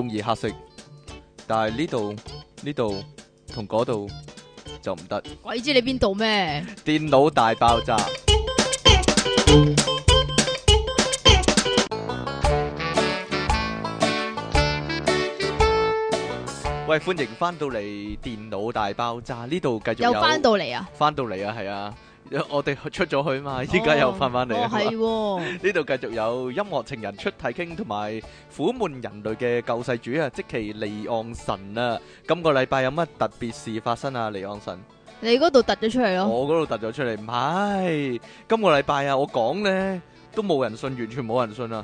鍾意黑色，但係呢度呢度同嗰度就唔得。鬼知你邊度咩？電腦大爆炸！ 喂，歡迎翻到嚟，電腦大爆炸呢度，繼續有又翻到嚟啊！翻到嚟啊，係啊！我哋出咗去嘛，依家又翻翻嚟。係呢度繼續有音樂情人出體傾，同埋苦悶人類嘅救世主啊，積淇離岸神啊，今個禮拜有乜特別事發生啊？離岸神，你嗰度突咗出嚟咯？我嗰度突咗出嚟，唔係今個禮拜啊，我講咧都冇人信，完全冇人信啊，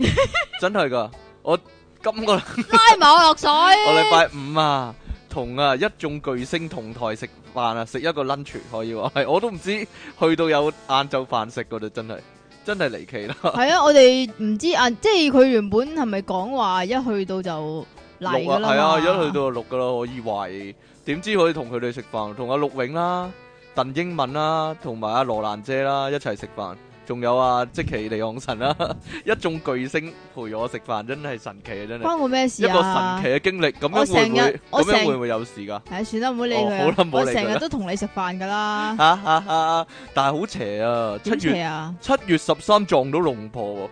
真係噶，我今個禮拜冇落水，我禮拜五啊。同啊，一眾巨星同台食飯啊，食一個 lunch 可以話係，我都唔知去到有晏晝飯食嗰度，真係真係離奇啦！係啊，我哋唔知啊，即係佢原本係咪講話一去到就嚟，噶啦？係啊，啊，一去到就錄噶啦，我以為，點知可以同佢哋食飯，同阿陸永啦、啊、鄧英文啦、啊、同埋阿羅蘭姐啦、啊、一齊食飯。仲有啊，即淇離岸神啦， 一眾巨星陪我食飯，真係神奇啊！真係。關我咩事啊？一個神奇嘅經歷，咁樣會唔會咁整樣會唔會有事噶、啊？係、哎、算啦、啊哦、好啦，唔好理佢。我成日都同你食飯噶啦。但係好邪啊！七、啊、月七月十三撞到龍婆、啊，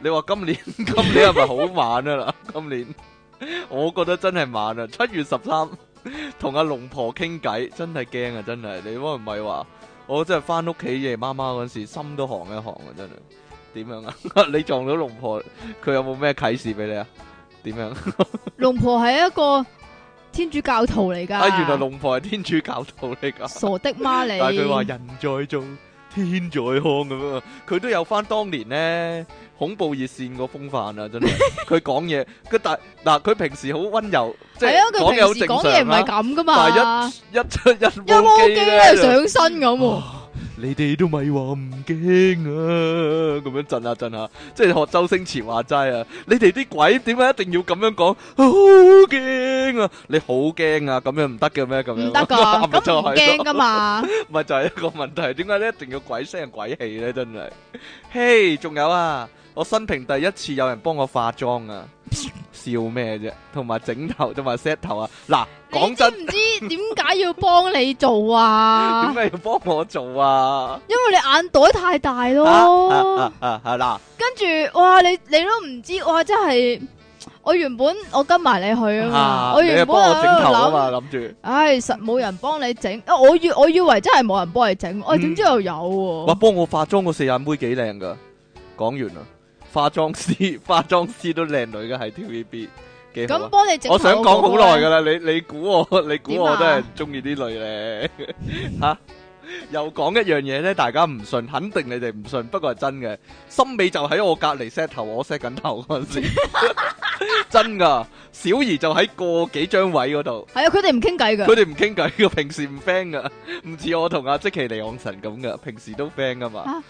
你話今年 今年係咪好晚啊啦？ 今年我覺得真係晚啊！七月十三同阿龍婆傾偈，真係驚啊！真係，你話唔係話？我真係翻屋企夜媽媽嗰時，心都寒一寒啊！真係，點樣啊？ 你撞到龍婆，佢有冇咩啟示俾你啊？點樣？龍 婆係一個天主教徒嚟噶。哎，原來龍婆係天主教徒嚟噶。傻的媽嚟。但係佢話人在做。天在康咁啊！佢都有翻當年咧恐怖熱線個風範啊！真係佢講嘢，佢 大嗱佢平時好溫柔，係、即係、啊！佢平時講嘢唔係咁噶嘛，但一出一魔機咧上身咁、啊。 你哋都咪話唔驚啊！咁樣震下震下，即係學周星馳話齋啊！你哋啲鬼點解一定要咁樣講好驚啊？你好驚啊！咁樣唔得嘅咩？咁樣唔得噶，咁 就驚噶嘛？咪 就係一個問題，點解你一定要鬼聲鬼氣咧？真係，嘿，仲有啊！我生平第一次有人幫我化妝啊！ 要咩啫？同埋整頭，同埋 set 頭啊！嗱、啊，講真，唔知點解要幫你做啊？點解 要幫我做啊？因為你眼袋太大咯。係啦、啊。啊啊啊啊、跟住哇，你你都唔知哇，真係我原本我跟埋你去啊嘛。我原本諗諗住，唉、哎，實冇人幫你整。我我我以為真係冇人幫你整，我點、嗯哎、知又有、啊？哇，幫我化妝個四眼妹幾靚㗎！講完啦。化妝師，化妝師都靚女嘅，喺 TVB，咁幫你整頭。我想講好耐噶啦，你你估我，你估我都係中意啲女嘅，吓又講一樣嘢咧，大家唔信，肯定你哋唔信，不過係真嘅。森美就喺我隔籬 set 頭，我 set 緊頭嗰陣時，真噶。小儀就喺個幾張位嗰度。係啊，佢哋唔傾偈噶，佢哋唔傾偈噶，平時唔 friend 噶，唔似我同阿積淇離岸神咁噶，平時都 friend 噶嘛。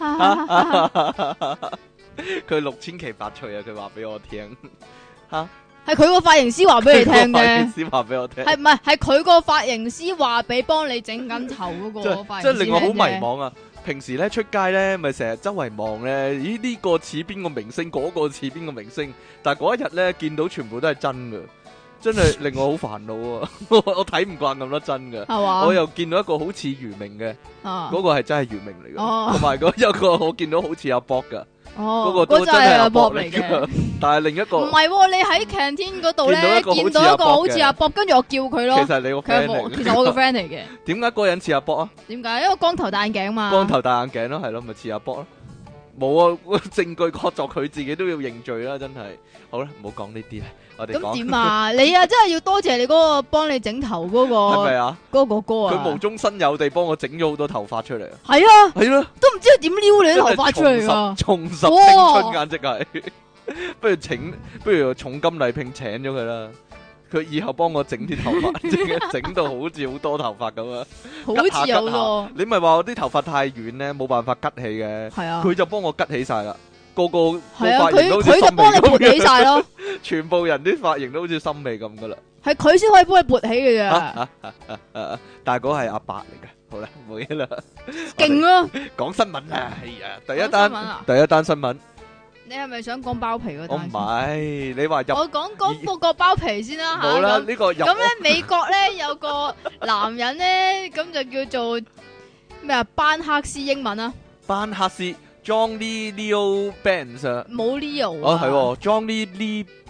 佢六千奇百趣啊！佢話俾我聽，吓係佢個髮型師話俾你聽嘅，師話俾我聽係唔係係佢個髮型師話俾幫你整緊頭嗰個髮型師嘅，即係令我好迷惘啊！平時咧出街咧，咪成日周圍望咧，咦呢個似邊個明星，嗰個似邊個明星，但係嗰一日咧見到全部都係真嘅，真係令我好煩惱啊！我我睇唔慣咁多真嘅，我又見到一個好似余明嘅，嗰個係真係余明嚟嘅，同埋有個我見到好似阿博噶。哦，嗰個真係阿博嚟嘅，但係另一個唔係喎，你喺 canteen 嗰度咧見到一個好似阿博，跟住我叫佢咯。其實係你個 friend 嚟，其實我個 friend 嚟嘅。點解嗰個人似阿博啊？點解？因為光頭戴眼鏡嘛。光頭戴眼鏡咯，係咯，咪似阿博咯。冇啊，證據確鑿，佢自己都要認罪啦，真係。好啦，唔好講呢啲啦。咁點啊？你啊，真係要多謝你嗰個幫你整頭嗰個，係咪啊？嗰個哥啊！佢無中生有地幫我整咗好多頭髮出嚟。係啊，係咯，都唔知佢點撩你啲頭髮出嚟噶。重拾青春，簡直係。不如請，不如重金禮聘請咗佢啦。佢以後幫我整啲頭髮，整到好似好多頭髮咁啊！好似有咯。你咪話我啲頭髮太軟咧，冇辦法吉起嘅。係啊，佢就幫我吉起晒啦，個個髮型佢就幫你撥起晒咯。全部人啲髮型都好似森美咁噶啦，係佢先可以幫佢撥起嘅啫。大哥係阿伯嚟噶，好啦，冇嘢啦。勁啊！講新聞啊！哎呀，第一單，第一單新聞。你係咪想講包皮嗰？我唔係，你話我講講個包皮先啦吓。好啦，呢個咁咧，美國咧有個男人咧，咁就叫做咩啊？班克斯英文啊？班克斯 John Lee Leo Bands。冇 Leo 啊，係 John Lee Lee。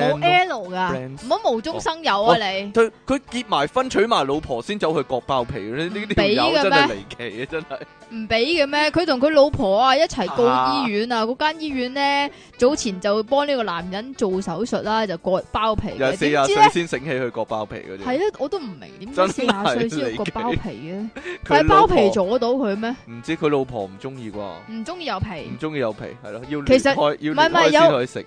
冇 L 噶，唔好無中生有啊！你佢佢結埋婚娶埋老婆先走去割包皮咧？呢啲朋友真係離奇啊！真係唔俾嘅咩？佢同佢老婆啊一齊告醫院啊！嗰間醫院咧早前就幫呢個男人做手術啦，就割包皮。廿四廿歲先醒起去割包皮嗰啲，係啊！我都唔明點解四廿歲先割包皮咧？係包皮阻到佢咩？唔知佢老婆唔中意啩？唔中意有皮，唔中意有皮係咯，要開要開先可以食。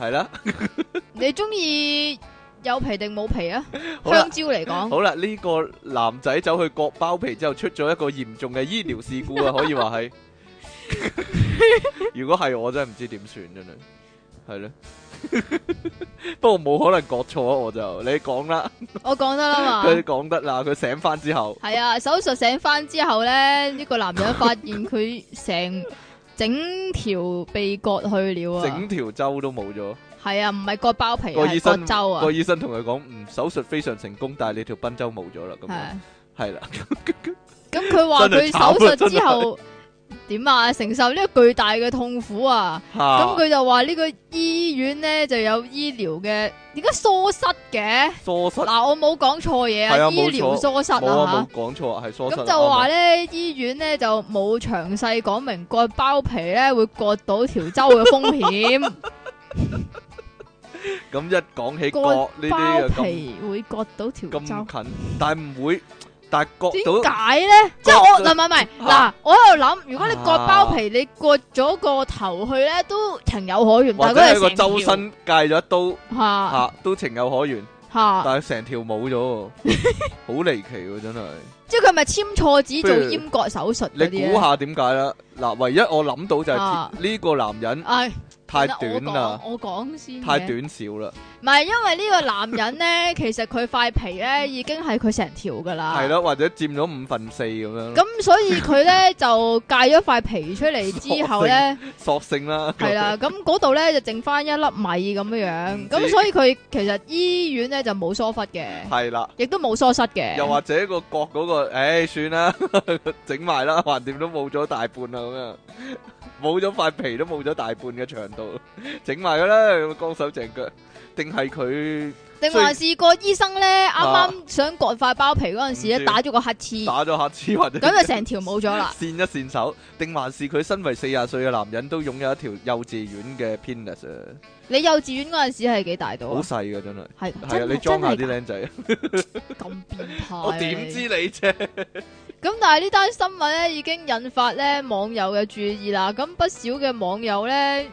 係啦，你中意有皮定冇皮啊？香蕉嚟講，好啦，呢個男仔走去割包皮之後，出咗一個嚴重嘅醫療事故啊！可以話係，如果係我真係唔知點算真係，係咧。不過冇可能割錯啊，我就你講啦，我講得啦嘛，佢講得啦，佢醒翻之後，係啊，手術醒翻之後咧，呢個男人發現佢成。整條鼻割去了啊！整條周都冇咗，係啊，唔係割包皮，係割周啊！個醫生同佢講，嗯，手術非常成功，但係你條賓周冇咗啦，咁係啦，咁佢話佢手術之後。 點啊！承受呢個巨大嘅痛苦啊！咁佢就話呢個醫院咧就有醫療嘅，點解？疏失嘅，疏失。嗱，我冇講錯嘢啊！啊醫療疏失錯啊吓，冇講錯啊係疏失。咁、嗯、就話、是、咧，醫院咧就冇詳細講明割包皮咧會割到條洲嘅風險。咁一講起割呢啲皮會割到條洲、 嗯，但係唔會。但係割到點解咧？即係我唔係唔係嗱，我喺度諗，如果你割包皮，你割咗個頭去咧都情有可原。但係佢係個周身戒咗一刀，吓都情有可原，吓但係成條冇咗，好離奇喎，真係。即係佢係咪簽錯紙做閹割手術？你估下點解啦？嗱，唯一我諗到就係呢個男人，太短啦，我講先，太短少啦。唔係，因為呢個男人咧， 其實佢塊皮咧已經係佢成條噶啦，係咯，或者佔咗五分四咁樣。咁所以佢咧 就鎅咗塊皮出嚟之後咧，索性啦，係啦了，咁嗰度咧就剩翻一粒米咁樣樣。咁所以佢其實醫院咧就冇疏忽嘅，係啦了，亦都冇疏失嘅。又或者個角嗰、嗰個，誒、欸，算 啦，整埋啦，橫掂都冇咗大半啦，咁樣冇咗塊皮都冇咗大半嘅長度，整埋啦，啦，光手淨腳。定係佢，定還是個醫生咧？啱啱想割塊包皮嗰陣時咧，打咗個乞嗤，打咗乞嗤，咁就成條冇咗啦。善一善手，定還是佢身為四十歲嘅男人都擁有一條幼稚園嘅 penis？你幼稚園嗰陣時係幾大到？好細㗎真係，係係啊！你裝下啲靚仔，咁變態，我點知你啫？咁但係呢單新聞咧已經引發咧網友嘅注意啦。咁不少嘅網友咧。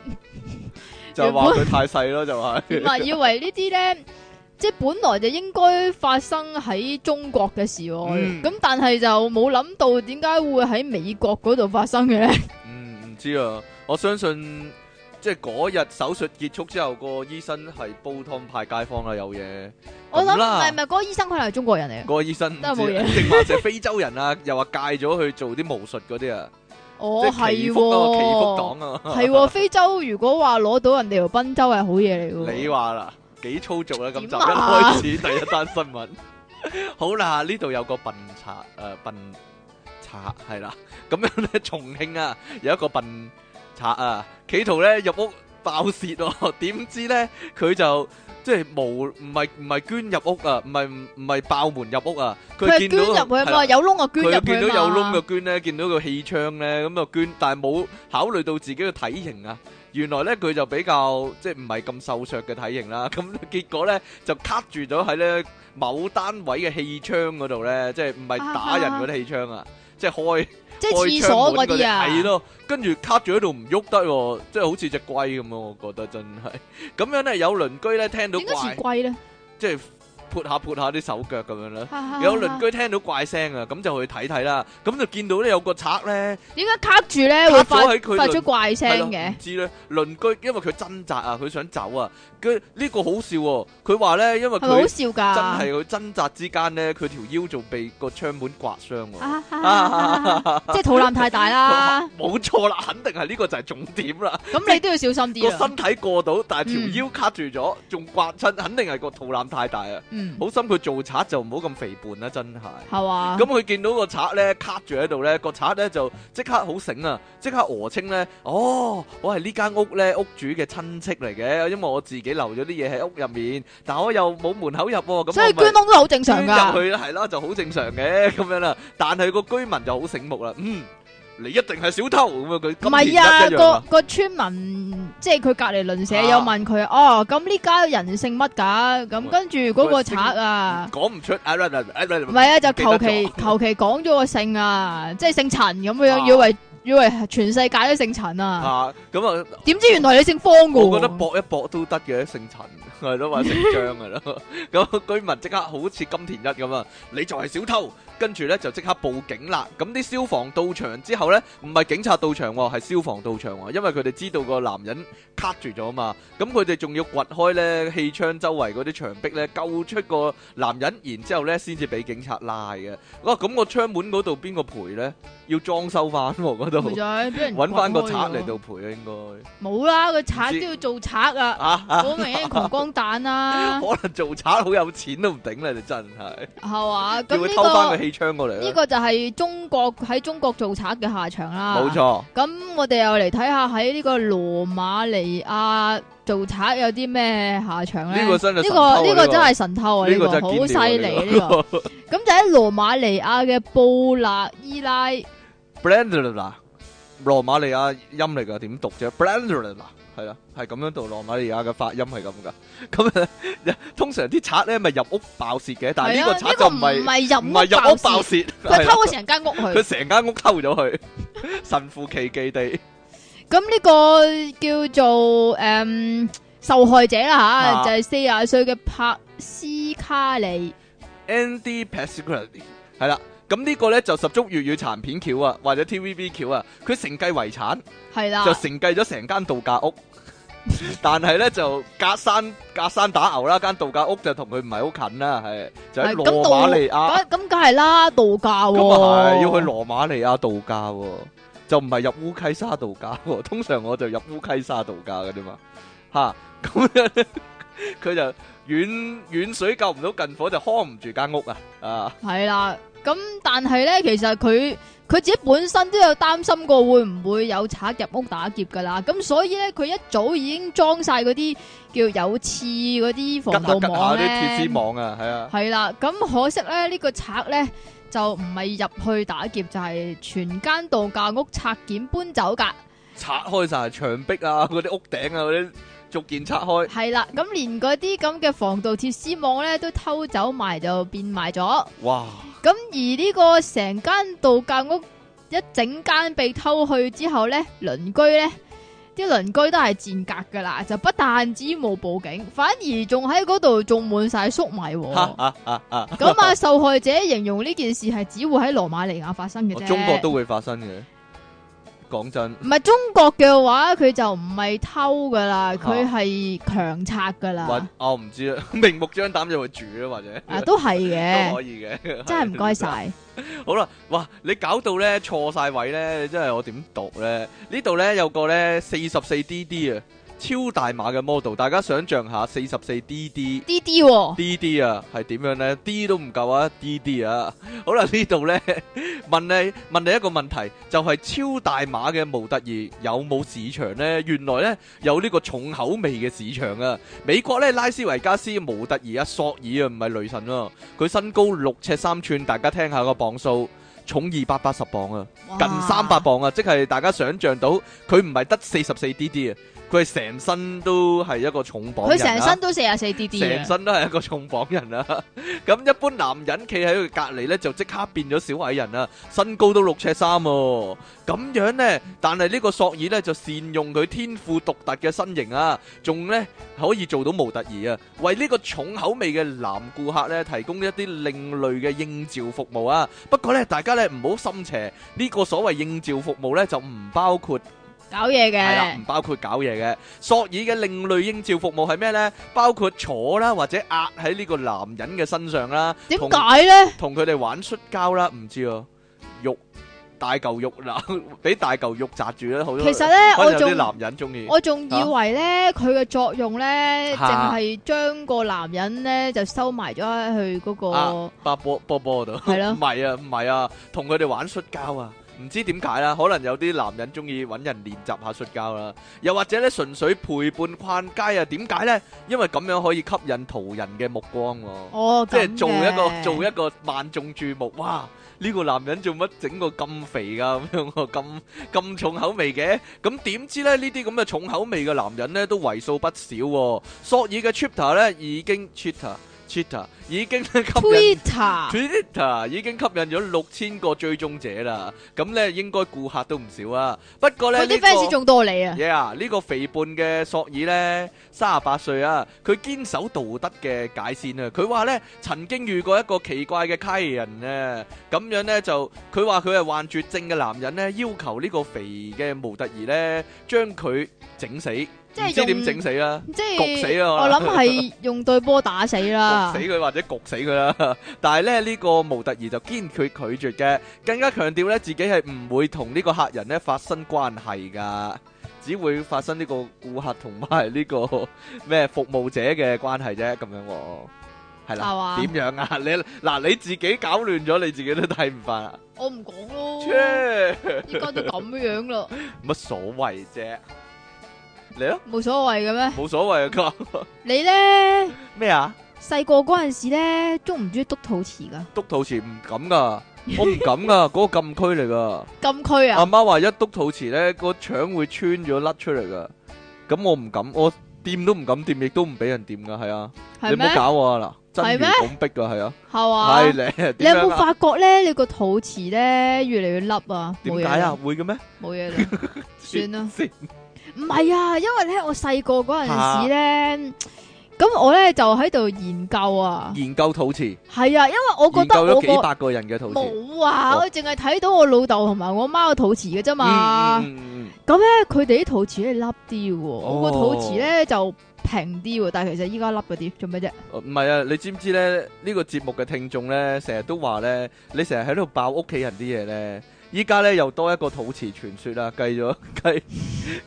就話佢太細咯，就係。唔係以為呢啲咧，即係本來就應該發生喺中國嘅事，咁但係就冇諗到點解會喺美國嗰度發生嘅咧？嗯，唔知啊，我相信即係嗰日手術結束之後，個醫生係煲湯派街坊啦，有嘢。我諗唔係唔係，嗰個醫生可能係中國人嚟嘅。嗰個醫生都係冇嘢，定話，係非洲人啊，又話戒咗去做啲巫術嗰啲啊。哦，即係祈福嗰個祈福黨啊，啊，係 非洲如果話攞到人哋條賓州係好嘢嚟噶，你話啦，幾粗俗啦咁就，啊，一開始第一單新聞。 好啦，呢度有個笨賊誒，呃，笨賊係啦，咁樣咧，重慶啊有一個笨賊啊，企圖咧入屋爆竊哦，啊，點知咧佢就。即係冇唔係唔係捐入屋啊，唔係唔唔係爆門入屋啊，佢見到入去啊嘛，有窿啊捐入去嘛。佢見到有窿就捐咧，見到個氣窗咧，咁就捐，但係冇考慮到自己嘅體型啊。原來咧佢就比較即係唔係咁瘦削嘅體型啦。咁結果咧就卡住咗喺咧某單位嘅氣窗嗰度咧，即係唔係打人嗰啲氣窗啊，即係開。即係廁所嗰啲啊，係咯，跟住卡住喺度唔喐得喎。即係好似隻龜咁咯，我覺得真係咁樣咧，有鄰居咧聽到怪，應該似龜啦，即係。潑下潑下啲手腳咁樣啦， 有鄰居聽到怪聲啊，咁就去睇睇啦。咁就見到咧，有個賊咧，點解卡住咧？發咗喺佢發咗怪聲嘅。知咧，鄰居因為佢掙扎啊，佢想走啊。佢呢、這個好笑、哦，佢話咧，因為佢好笑噶，真係佢掙扎之間咧，佢條腰仲被個窗門刮傷啊， 即係肚腩太大啦。冇錯啦，肯定係呢個就係重點啦。咁 你都要小心啲啊。個 身體過到，但係條腰卡住咗，仲、嗯、刮親，肯定係個肚腩太大啊。好心佢做賊就唔好咁肥胖啦，真係。係啊。咁佢見到個賊呢卡住喺度呢，個賊呢就即刻好醒啊！即刻訛稱呢。哦，我係呢間屋咧屋主嘅親戚嚟嘅，因為我自己留咗啲嘢喺屋入面，但我又冇門口入，咁所以居東都好正常噶。入去係啦，就好正常嘅咁樣啦。但係個居民就好醒目啦，嗯。你一定係小偷，咁佢唔係啊，個個村民即係佢隔籬鄰舍有問佢、啊、哦，咁呢家人姓乜噶？咁跟住嗰個賊啊，講唔出啊！唔係啊，啊，啊，啊，啊，啊，啊，啊，就求其求其講咗個姓啊，啊即係姓陳咁嘅樣，以為以為全世界都姓陳啊！啊，咁啊，點知原來你姓方噶？我覺得搏一搏都得嘅，姓陳。係咯，話姓張噶咯。咁居民即刻好似金田一咁啊！你就係小偷，跟住咧就即刻報警啦。咁啲消防到場之後咧，唔係警察到場喎，係消防到場喎，因為佢哋知道個男人卡住咗嘛。咁佢哋仲要掘開咧氣槍周圍嗰啲牆壁咧，救出個男人，然之後咧先至俾警察拉嘅。哇！咁個窗門嗰度邊個賠咧？要裝修翻嗰度，搵翻個賊嚟到賠啊！應該冇啦，個賊都要做賊啦。我明，窮光。彈啦，可能做賊好有錢都唔頂啦，你真係係嘛？咁呢、啊、 個呢、偷返個氣槍過嚟，這個這個就係中國喺中國做賊嘅下場啦。冇錯錯。咁我哋又嚟睇下喺呢個羅馬尼亞做賊有啲咩下場咧？呢個真呢個呢個真係神偷啊！呢個好犀利呢個。咁就喺羅馬尼亞嘅布納伊拉。b r e n d e r 啦，羅馬尼亞音嚟噶，點讀啫？b r e n d e r 啦。係啦，係咁樣讀羅馬尼亞嘅發音係咁噶，咁 通常啲賊咧咪入屋爆竊嘅，但係呢個賊就唔係唔係入屋爆竊，佢偷咗成間屋佢，成間 屋偷咗佢，神乎其技地。咁呢 個叫做誒、嗯、受害者啦吓，就係四廿歲嘅帕斯卡里 Andy Pasquali，係啦。啊 咁、嗯，這個、呢個咧就十足粵語殘片橋啊，或者 TVB 橋啊，佢承繼遺產，係啦，就承繼咗成間度假屋。 但係咧就隔山隔山打牛啦，間度假屋就同佢唔係好近啦，係就喺羅馬尼亞。咁梗係啦，度假咁啊係，要去羅馬尼亞度假、哦，就唔係入烏溪沙度假、哦。通常我就入烏溪沙度假嘅啫嘛，吓咁咧，佢 就遠遠水救唔到近火，就 hold 唔住間屋啊，啊，係啦。咁、嗯、但係咧，其實佢佢自己本身都有擔心過會唔會有賊入屋打劫噶啦，咁、嗯、所以咧佢一早已經裝晒嗰啲叫有刺嗰啲防盜網咧。吉吉下啲鐵絲網啊，係啊。係啦、嗯，咁、嗯、可惜咧，這個、呢個賊咧就唔係入去打劫，就係、是、全間度假屋拆件搬走噶。拆開晒牆壁啊，嗰啲屋頂啊嗰啲。逐件拆開，係啦，咁連嗰啲咁嘅防盜鐵絲網咧都偷走埋，就變埋咗。哇！咁而呢個成間度假屋一整間被偷去之後咧，鄰居咧啲鄰居都係賤格噶啦，就不但止冇報警，反而仲喺嗰度種滿晒粟米。吓吓吓咁啊，受害者形容呢件事係只會喺羅馬尼亞發生嘅啫。哦，中國都會發生嘅。講真，唔係中國嘅話，佢就唔係偷噶啦，佢係強拆噶啦。我唔知啦，明目張膽就係住咯，或者啊，都係嘅，都可以嘅，真係唔該晒。好啦，哇，你搞到咧錯晒位咧，你真係我點讀咧？呢度咧有個咧四十四 DD 啊。超大碼嘅 model，大家想象下 DD，滴滴、哦，四十四 DD，DD，DD 啊，係點樣呢？D 都唔夠啊，DD 啊，啊 DD 啊 好啦，呢度呢，問你，問你一個問題，就係、是、超大碼嘅模特兒有冇市場呢？原來呢，有呢個重口味嘅市場啊！美國呢，拉斯維加斯模特兒啊，索爾啊，唔係雷神啊，佢身高六尺三寸，大家聽下個磅數，重二百八十磅啊，哇近三百磅啊，即係大家想象到佢唔係得四十四 DD 啊。佢成身都係一個重磅、啊，佢成身都四啊四啲啲，成身都係一個重磅人啊。咁 一般男人企喺佢隔籬呢，就即刻變咗小矮人啊！身高都六尺三、哦，咁樣呢，但係呢個索爾呢，就善用佢天賦獨特嘅身形啊，仲呢，可以做到模特兒啊，為呢個重口味嘅男顧客呢，提供一啲另類嘅應召服務啊。不過呢，大家呢，唔好心邪，呢、呢個所謂應召服務呢，就唔包括。搞嘢嘅，唔包括搞嘢嘅。索爾嘅另類應召服務係咩咧？包括坐啦，或者壓喺呢個男人嘅身上啦。點解咧？同佢哋玩摔跤啦，唔知哦。肉大嚿肉啦，俾大嚿肉扎住啦。其實咧，我仲男人中意。我仲以為咧，佢嘅作用咧，淨係將個男人咧就收埋咗去嗰個波波波波度。係咯，唔係啊，唔係啊，同佢哋玩摔跤啊。唔知點解啦，可能有啲男人中意揾人練習下摔跤啦，又或者咧純粹陪伴逛街啊？點解呢？因為咁樣可以吸引途人嘅目光喎、啊，哦、即係做一個，嗯、做，一個做一個萬眾注目。哇！呢、這個男人做乜整個咁肥噶咁樣？咁 咁重口味嘅？咁點知咧？呢啲咁嘅重口味嘅男人呢，都為數不少喎、啊。索爾嘅 Twitter 咧已經 Twitter。Twitter 已經吸引已經吸引咗六千個追蹤者啦。咁咧應該顧客都唔少啊。不過咧，佢啲 fans 仲多你啊。呀，呢個肥胖嘅索爾咧，三十八歲啊，佢堅守道德嘅界線啊。佢話咧，曾經遇過一個奇怪嘅卡人啊。咁樣咧就，佢話佢係患絕症嘅男人咧，要求呢個肥嘅模特兒咧，將佢整死。即係點整死啦？即係焗死啦！我諗係用對波打死啦，焗死佢或者焗死佢啦。但係咧呢個模特兒就堅決拒絕嘅，更加強調咧自己係唔會同呢個客人咧發生關係噶，只會發生呢個顧客同埋呢個咩服務者嘅關係啫。咁樣係啦，點樣啊？你嗱你自己搞亂咗，你自己都睇唔翻。我唔講咯，依家都咁樣啦，乜所謂啫？你冇所謂嘅咩？冇所謂啊！你咧咩啊？細個嗰陣時咧，中唔中意篤肚臍噶？篤肚臍唔敢噶，我唔敢噶，嗰個禁區嚟噶。禁區啊！阿媽話一篤肚臍咧，個腸會穿咗甩出嚟噶。咁我唔敢，我掂都唔敢掂，亦都唔俾人掂噶。係啊，你唔好搞我啊嗱，真係唔敢逼噶，係啊，係啊，係你你有冇發覺咧？你個肚臍咧越嚟越甩啊？點解啊？會嘅咩？冇嘢啦，算啦。唔係啊，因為咧，啊、我細個嗰陣時咧，咁我咧就喺度研究啊，研究肚臍。係啊，因為我覺得我幾百個人嘅肚臍，冇啊，哦、我淨係睇到我老豆同埋我媽嘅肚臍嘅啫嘛。咁咧、嗯，佢哋啲肚臍係凹啲嘅、啊，哦、我個肚臍咧就平啲、啊，但係其實依家凹嗰啲做咩啫？唔係、呃、啊，你知唔知咧？這個、節呢個節目嘅聽眾咧，成日都話咧，你成日喺度爆屋企人啲嘢咧。依家咧又多一個肚臍傳說啦，計咗計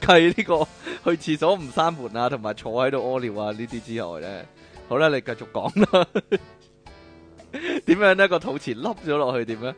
計呢個去廁所唔閂門啊，同埋坐喺度屙尿啊呢啲之外咧，好啦，你繼續講啦，點樣呢個肚臍凹咗落去點咧？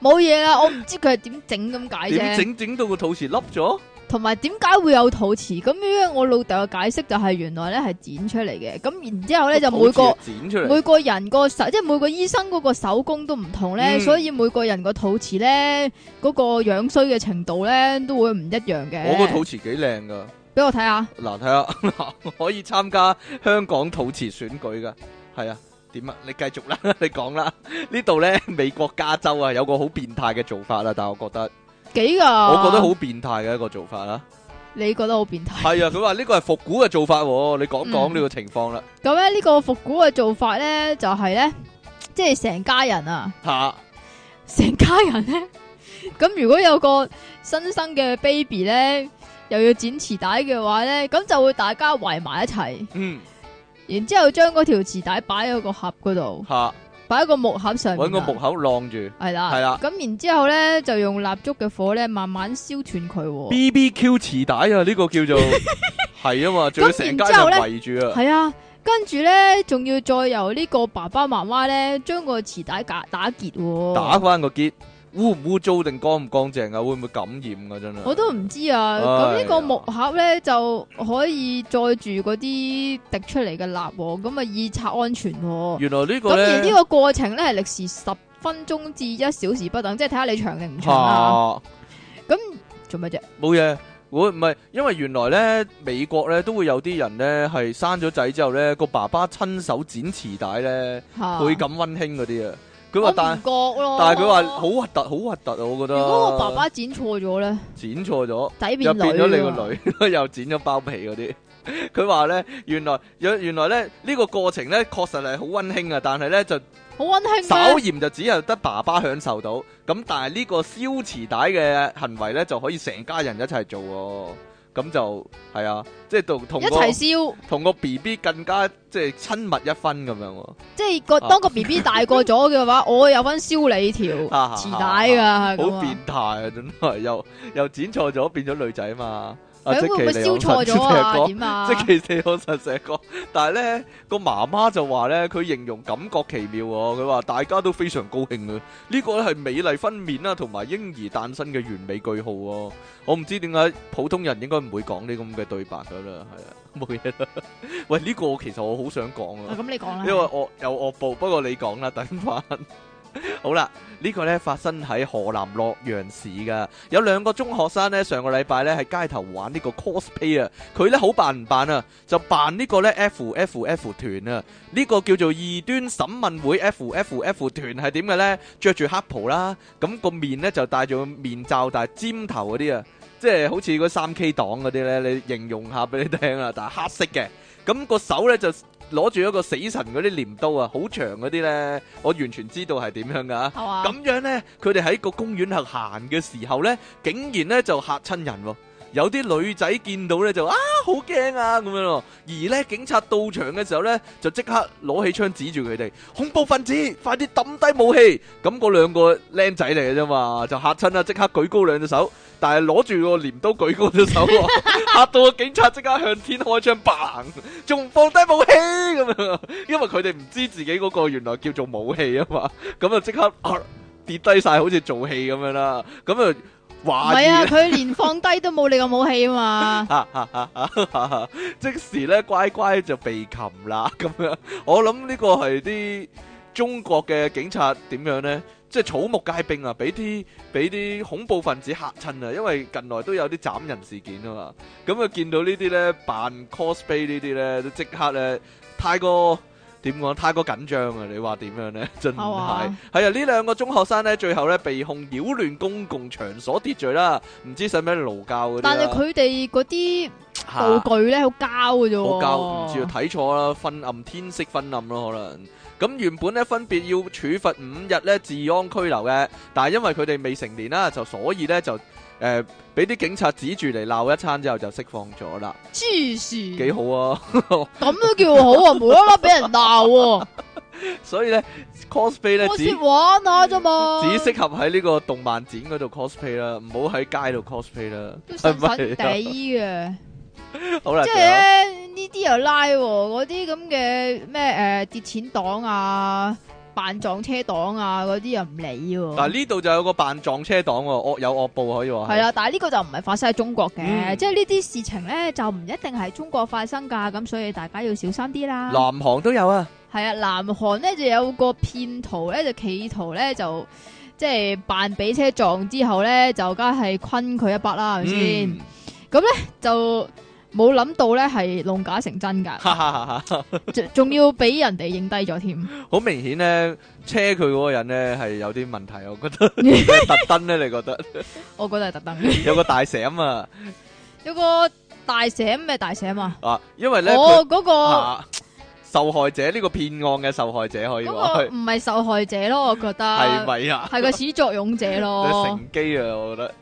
冇嘢啊，我唔知佢係點整咁解啫，點整整到個肚臍凹咗？同埋點解會有肚臍？咁咧，我老豆嘅解釋就係原來咧係剪出嚟嘅。咁然之後咧就每個剪出嚟每個人個手，即係每個醫生嗰個手工都唔同咧，嗯、所以每個人肚呢、嗰個肚臍咧嗰個樣衰嘅程度咧都會唔一樣嘅。我個肚臍幾靚噶，俾我睇下。嗱，睇下 可以參加香港肚臍選舉噶，係啊？點啊？你繼續啦， 你講說啦吧。 呢度咧美國加州啊，有個好變態嘅做法啦、啊，但係我覺得。幾噶？我覺得好變態嘅一個做法啦。你覺得好變態？係啊，佢話呢個係復古嘅做法、哦。你講講呢個情況啦、嗯。咁咧呢個復古嘅做法咧，就係、是、咧，即係成家人啊，吓、啊？成家人咧。咁 如果有個新生嘅 baby 咧，又要剪臍帶嘅話咧，咁就會大家圍埋一齊。嗯。然之後將嗰條臍帶擺喺個盒嗰度。吓、啊？擺喺個木盒上面、啊，揾個木口晾住，係啦了，係啦、啊。咁然之後咧，就用蠟燭嘅火咧，慢慢燒斷佢。B B Q 磁帶啊，呢、這個叫做係啊嘛，仲有成街人圍住啊。係啊，跟住咧，仲、啊、要再由呢個爸爸媽媽咧，將個磁帶打打結、哦。打翻個結。污唔污糟定乾唔乾淨啊？會唔會感染噶、啊？真係我都唔知啊。咁呢、哎、呀個木盒咧就可以載住嗰啲滴出嚟嘅蠟，咁啊易拆安全、啊。原來個呢個咁而呢個過程咧係歷時十分鐘至一小時不等，即係睇下你長定唔長、啊。咁做乜啫？冇嘢，我唔係因為原來咧美國咧都會有啲人咧係生咗仔之後咧個爸爸親手剪臍帶咧，倍感溫馨嗰啲啊。佢話但係佢話好核突好核突啊！我覺得如果我爸爸剪錯咗咧，剪錯咗，底辯變咗你個女，啊、 又剪咗包皮嗰啲。佢話咧，原來有原來咧呢、呢個過程咧確實係好溫馨啊，但係咧就好溫馨啊！手鹽就只有得爸爸享受到，咁但係呢個燒磁帶嘅行為咧就可以成家人一齊做。咁就係啊，即係同同一齊燒，起燒同個 B B 更加即係親密一分咁樣。即係個當個 B B 大個咗嘅話， 我有份燒你條臍帶噶，好變態啊！真係 又又剪錯咗，變咗女仔嘛。誒，會唔會燒錯咗啊？點啊？即係奇奇好實石哥，但係咧個媽媽就話咧，佢形容感覺奇妙喎。佢話大家都非常高興啊。呢個咧係美麗分娩啦，同埋嬰兒誕生嘅完美句號哦。我唔知點解普通人應該唔會講呢咁嘅對白噶啦。係啊，冇嘢啦。喂，呢個其實我好想講啊。咁你講啦，因為我有惡報，不過你講啦，等翻。 好啦，呢、這個呢發生喺河南洛陽市噶，有兩個中學生呢，上個禮拜呢喺街頭玩呢個 cosplay 啊，佢呢好扮唔扮啊，就扮呢個呢 F F F 團啊，呢、這個叫做異端審問會 F F F 團係點嘅呢？着住黑袍啦，咁、那個面呢，就戴住個面罩，但係尖頭嗰啲啊。即係好似嗰三 K 黨嗰啲咧，你形容下俾你聽啦。但係黑色嘅，咁個手咧就攞住一個死神嗰啲鐮刀啊，好長嗰啲咧，我完全知道係點樣噶嚇。咁樣咧，佢哋喺個公園行嘅時候咧，竟然咧就嚇親人喎。有啲女仔見到咧，就啊好驚啊咁樣，而咧，警察到場嘅時候咧就即刻攞起槍指住佢哋，恐怖分子，快啲抌低武器！咁嗰兩個僆仔嚟嘅啫嘛，就吓親啦，即刻舉高兩隻手，但係攞住個鐮刀舉高隻手，吓到個警察即刻向天開槍，砰！仲放低武器咁樣，因為佢哋唔知自己嗰個原來叫做武器啊嘛，咁就即刻跌低晒，好似做戲咁樣啦，咁啊。唔係懷啊！佢連放低都冇，你個武器啊嘛！ 即時咧乖乖就被擒啦！咁樣我諗呢個係啲中國嘅警察點樣咧？即係草木皆兵啊！俾啲俾啲恐怖分子嚇親啊！因為近來都有啲斬人事件啊嘛！咁啊見到呢啲咧扮 cosplay 呢啲咧都即刻咧太過。點講太過緊張啊！你話點樣呢？真係係啊哇！呢兩個中學生呢，最後呢，被控擾亂公共場所秩序啦。唔知使咩勞教嗰啲。但係佢哋嗰啲道具呢，好膠嘅啫。好膠，唔知啊，睇錯啦，昏暗天色昏暗咯，可能咁原本呢，分別要處罰五日呢，治安拘留嘅，但係因為佢哋未成年啦，就所以呢，就。誒，俾啲、呃、警察指住嚟鬧一餐之後就釋放咗啦，黐線，幾好啊！咁都叫好啊，無啦啦俾人鬧，所以咧 cosplay 咧只玩下啫嘛， 只適合喺呢個動漫展嗰度 cosplay 啦，唔 好喺街度 cosplay 啦，都神神哋嘅，即係呢啲又拉，嗰啲咁嘅咩誒跌錢黨啊！扮撞車黨啊，嗰啲又唔理喎。嗱，呢度就有個扮撞車黨，啊，惡有惡報可以話。係啊，但係呢個就唔係發生喺中國嘅，嗯、即係呢啲事情咧就唔一定係中國發生噶，咁所以大家要小心啲啦。南韓都有啊。係啊，南韓咧就有個騙徒咧，就企圖咧就即係扮俾車撞之後咧，就梗係昆佢一百啦，係咪、嗯、先？咁咧就。冇諗到咧係弄假成真噶，仲仲要俾人哋認低咗添。好明顯咧，車佢嗰個人咧係有啲問題，我覺得特登咧，你覺得？我覺得係特登。有個大醒啊！有個大醒咩大醒啊？啊，因為咧佢嗰個受害者呢個騙案嘅受害者可以講，唔係受害者咯，我覺得，係咪啊？係個始作俑者咯，成機啊，我覺得。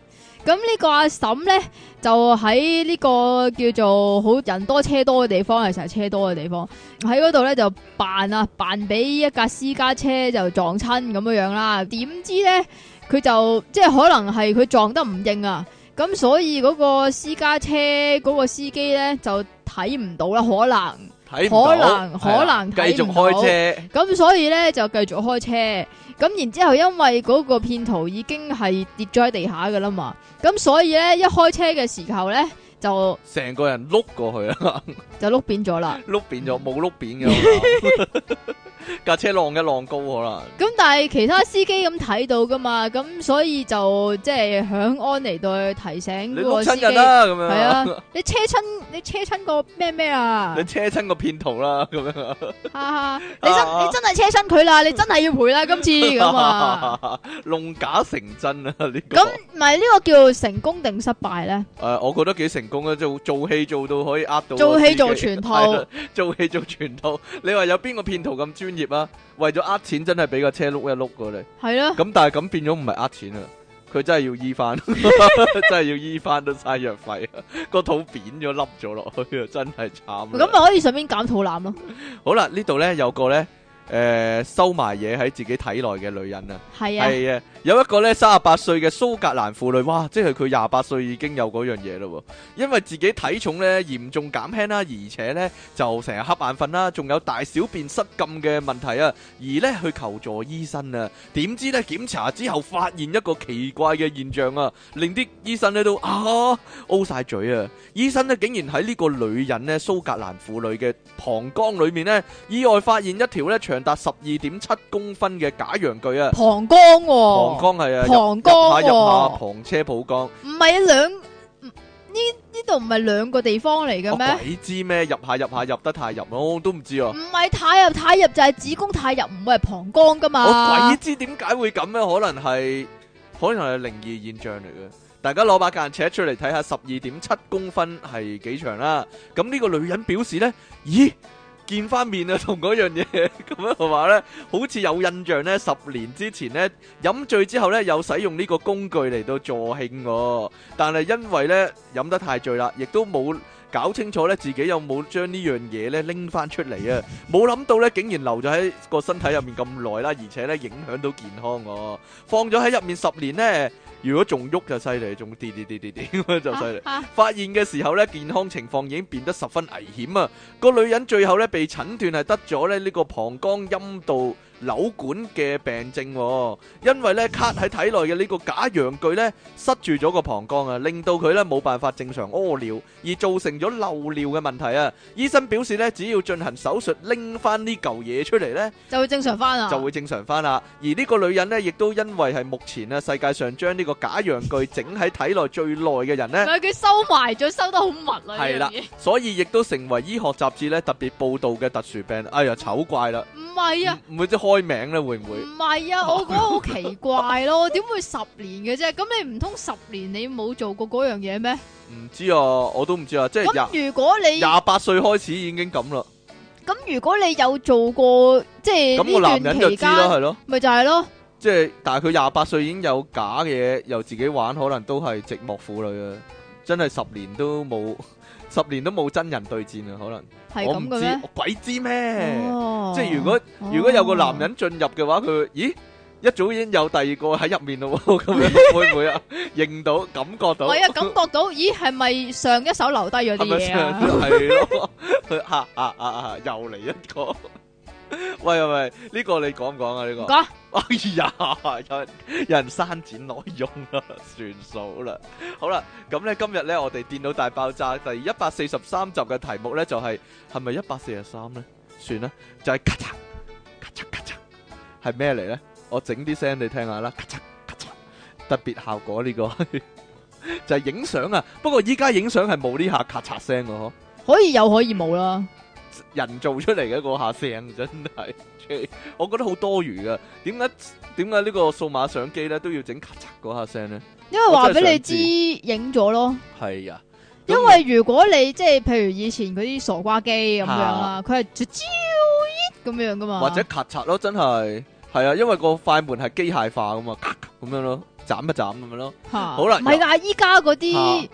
咁呢個阿嬸呢，就喺呢個叫做好人多車多嘅地方，係成日車多嘅地方，喺嗰度呢，就扮啊扮俾一架私家車就撞親咁樣樣啦。點知呢，佢就即係可能係佢撞得唔應啊，咁所以嗰個私家車嗰個司機呢，就睇唔到啦，可能。可能的可能睇唔到，繼續開車，咁所以呢就繼續開車，咁然之後因為嗰個騙徒已經係跌咗喺地下噶啦嘛，咁所以呢一開車嘅時候呢就成個人碌過去 啦，就碌扁咗啦，碌扁咗冇碌扁嘅。架車浪一浪高可能，咁但係其他司機咁睇到噶嘛，咁所以就即係響安嚟度提醒個司機。你都親人啦，咁樣係啊？你車親你車親個咩咩啊？你車親個騙徒啦，咁樣。哈哈，你真你真係車親佢啦，你真係要賠啦，今次咁啊，弄假成真啊呢個。咁唔係呢個叫成功定失敗咧？誒，我覺得幾成功啊，做做戲做到可以呃到做戲做全套，做戲做全套。你話有邊個騙徒咁專？業啊，為咗呃錢真 真， 真係俾個車碌一碌過嚟，係咯。咁但係咁變咗唔係呃錢啊，佢真係要醫翻，真係要醫翻都嘥藥費啊，個肚扁咗凹咗落去啊，真係慘。咁咪可以順便減肚腩咯。 好啦，呢度咧有個咧，誒收埋嘢喺自己體內嘅女人啊，係啊，係、呃、啊。有一個咧三十八歲嘅蘇格蘭婦女，哇！即係佢廿八歲已經有嗰樣嘢咯，因為自己體重咧嚴重減輕啦，而且咧就成日黑眼瞓啦、啊，仲有大小便失禁嘅問題啊，而咧去求助醫生啊，點知咧檢查之後發現一個奇怪嘅現象啊，令啲醫生咧都啊 O 晒嘴啊！醫生呢竟然喺呢個女人咧蘇格蘭婦女嘅膀胱裏面呢，意外發現一條咧長達十二點七公分嘅假陽具啊！膀胱、啊。膀胱啊膀胱係啊，入,入下入下普江，膀車膀胱。唔係啊，兩呢呢度唔係兩個地方嚟嘅咩？鬼知咩？入下入下入得太入，我都唔知啊。唔係太入太入就係子宮太入，唔會係膀胱噶嘛。我、哦、鬼知點解會咁咧？可能係可能係靈異現象嚟嘅。大家攞把間尺出嚟睇下，十二點七公分係幾長啦、啊？咁呢個女人表示咧，咦？見翻面啊，同嗰樣嘢咁樣話咧，好似有印象咧。十年之前咧，飲醉之後咧，有使用呢個工具嚟到助興喎，但係因為咧飲得太醉啦，亦都冇搞清楚咧自己有冇將呢樣嘢咧拎翻出嚟啊！冇諗到咧，竟然留咗喺個身體入面咁耐啦，而且咧影響到健康喎，放咗喺入面十年咧。如果仲喐就犀利，仲跌跌跌跌跌咁就犀利。啊啊、發現嘅時候咧，健康情況已經變得十分危險啊！個女人最後咧被診斷係得咗咧呢、呢個膀胱陰道瘻管嘅病症，因為咧卡喺體內嘅呢個假陽具咧，塞住咗個膀胱啊，令到佢咧冇辦法正常屙尿，而造成咗漏尿嘅問題啊。醫生表示咧，只要進行手術拎翻呢嚿嘢出嚟咧，就會正常翻啦，就會正常翻啦。而呢個女人咧，亦都因為係目前啊世界上將呢個假陽具整喺體內最耐嘅人咧，佢收埋咗，收得好密啊，係啦，所以亦都成為醫學雜誌咧特別報道嘅特殊病。哎呀，醜怪啦，唔係啊，唔會即。開名咧會唔會？唔係啊，我覺得好奇怪咯，點會十年嘅啫？咁你唔通十年你冇做過嗰樣嘢咩？唔知啊，我都唔知啊，即係。咁如果你廿八歲開始已經咁啦，咁如果你有做過，即係呢段期間，咁個男人就知啦，係咯，咪就係咯。即係，但係佢廿八歲已經有假嘅嘢，又自己玩，可能都係寂寞婦女啊！真係十年都冇。十年都冇真人對戰啊，可能係噉，我唔知，我鬼知咩？即係如果如果有個男人進入嘅話，佢咦一早已經有第二個喺入面咯，會唔會啊？認到，感覺到，係啊，感覺到，咦，係咪上一手留低咗啲嘢啊？係啊，啊啊啊啊，又嚟一個。喂喂，喂，呢個你講唔講啊？呢個講，謝謝 哎呀，有人刪剪內容啊，算數啦。好啦，咁咧今日咧我哋電腦大爆炸第一百四十三集嘅題目咧就係係咪一百四十三咧？算啦，就係咔嚓咔嚓咔嚓，係咩嚟咧？我整啲聲你聽下啦，咔嚓聽聽聽咔嚓咔嚓咔嚓，特別效果呢個 就係影相啊。不過依家影相係冇呢下咔嚓聲嘅呵，可以有可以冇啦。人做出嚟嘅嗰下聲真係，我覺得好多餘噶。點解點解呢個數碼相機咧都要整咔嚓嗰下聲咧？因為話俾你知，影咗咯。係啊，因為如果你即係譬如以前嗰啲傻瓜機咁樣啊，佢係照咁樣噶嘛。或者咔嚓咯，真係係啊，因為個快門係機械化噶嘛，咔咔咁樣咯，斬一斬咁樣咯。吓，好啦，唔係啊，依家嗰啲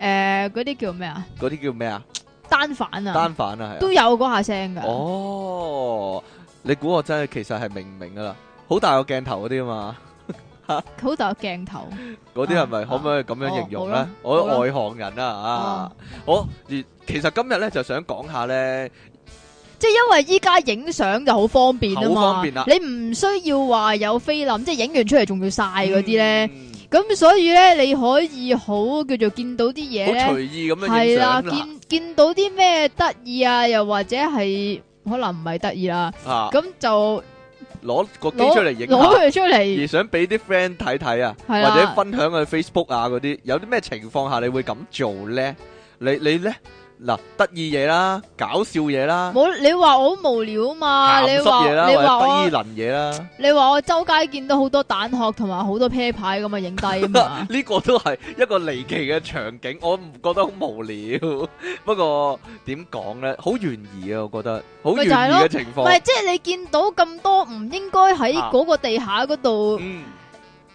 誒，嗰啲叫咩啊？嗰啲叫咩啊？單反啊，單反啊，係都有嗰下聲噶。哦，你估我真係其實係明唔明噶啦？好大個鏡頭嗰啲啊嘛，吓，好大個鏡頭嗰啲係咪可唔可以咁樣形容咧？我外行人啦啊，好而其實今日咧就想講下咧，即係因為依家影相就好方便啊嘛，好方便啦，你唔需要話有菲林，即係影完出嚟仲要晒嗰啲咧。咁所以咧，你可以好叫做見到啲嘢，隨意咁樣係啦，啊，見見到啲咩得意啊，又或者係可能唔係得意啦，咁，啊、就攞個機出嚟影，攞佢出嚟而想俾啲 friend 睇睇啊，啊或者分享去 Facebook 啊嗰啲，有啲咩情況下你會咁做咧？你你咧？嗱，得意嘢啦，搞笑嘢啦，冇你話我好無聊啊嘛，你話你話我，你話我周街見到好多蛋殼同埋好多 pair 牌咁啊，影低啊嘛，呢個都係一個離奇嘅場景，我唔覺得好無聊。不過點講咧，好懸疑啊，我覺得好懸疑嘅情況，唔係即係你見到咁多唔應該喺嗰個地下嗰度，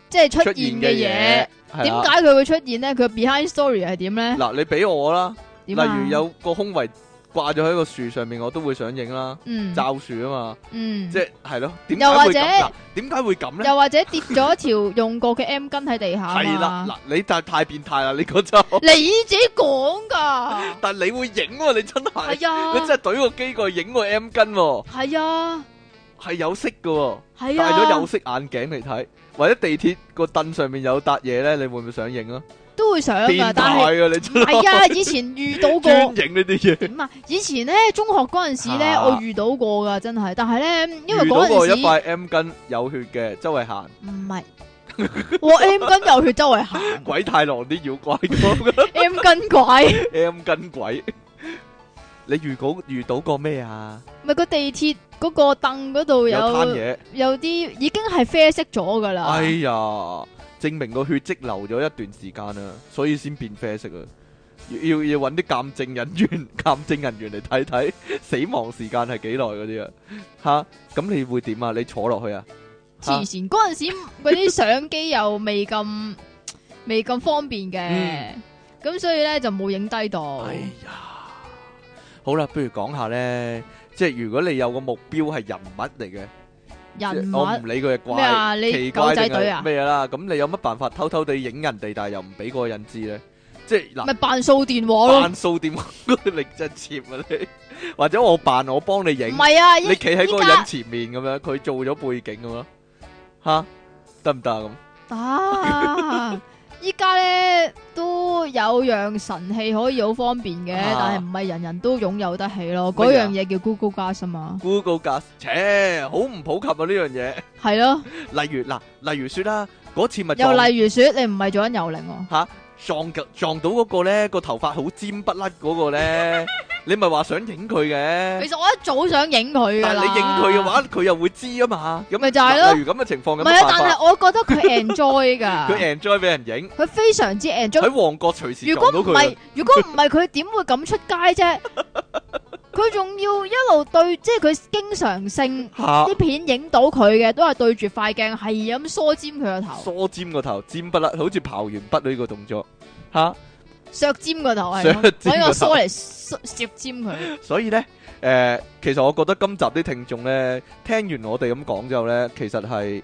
即係出現嘅嘢，點解佢會出現咧？佢嘅 behind story 係點咧？嗱，你俾我啦。例如有個胸圍掛咗喺個樹上面，我都會想影啦，罩樹啊嘛，即係係咯，點解會咁？點解會咁咧？又或者跌咗條用過嘅 M 巾喺地下？係啦，嗱，你太太變態啦！你嗰陣你自己講噶，但你會影啊？你真係，你真係懟個機過去影個 M 巾，係啊，係有色噶，戴咗有色眼鏡嚟睇。或者地鐵個凳上面有笪嘢咧，你會唔會想影啊？都會想啊，但係唔係啊！以前遇到過，陰影呢啲嘢。咁啊，以前咧中學嗰陣時咧，我遇到過噶，真係。但係咧，因為嗰陣時遇到過一塊 M 巾有血嘅，周圍行。唔係，我 M 巾有血周圍行。鬼太郎啲妖怪。M 巾鬼。M 巾鬼。你遇到遇到過咩啊？咪個地鐵嗰個凳嗰度有有啲已經係啡色咗噶啦。哎呀！證明個血跡流咗一段時間啦，所以先變啡色啊！要要要揾啲鑑證人員，鑑證人員嚟睇睇死亡時間係幾耐嗰啲啊！吓，咁你會點啊？你坐落去啊？前前嗰陣時嗰啲相機又未咁未咁方便嘅，咁所以咧就冇影低到。哎呀，好啦，不如講下咧，即係如果你有個目標係人物嚟嘅。我唔理佢係怪奇怪定係咩啦，咁你有乜辦法偷偷地影人哋，但係又唔俾嗰個人知咧？即係嗱，咪扮掃電話，扮掃電話。你真係黐啊你！或者我扮，我幫你影，唔係啊，你企喺嗰個人前面咁樣，佢做咗背景咁咯，吓得唔得咁？得。依家咧都有樣神器可以好方便嘅，啊、但係唔係人人都擁有得起咯。嗰樣嘢叫 Google Glass 嘛。Google Glass，切，好唔普及啊呢樣嘢。係咯。啊、 例如嗱，例如說啦，嗰次咪又例如說，你唔係做緊幽靈喎。吓、啊？撞撞到嗰個咧，個頭髮好尖不甩嗰個咧，你咪話想影佢嘅。其實我一早想影佢嘅啦。但係你影佢嘅話，佢又會知啊嘛，咁咪就係咯。例如咁嘅情況咁。唔係啊，但係我覺得佢 enjoy 噶。佢 enjoy 俾人影，佢非常之 enjoy。喺旺角隨時影到佢。如果唔係，如果唔係佢點會咁出街啫？佢仲要一路對，即係佢經常性啲片影到佢嘅，都係對住塊鏡，係咁梳尖佢個頭。梳尖個頭，尖筆啦，好似刨完筆呢個動作嚇。削尖個頭係，喺個梳嚟削尖佢。所以咧，誒，其實我覺得今集啲聽眾咧，聽完我哋咁講之後咧，其實係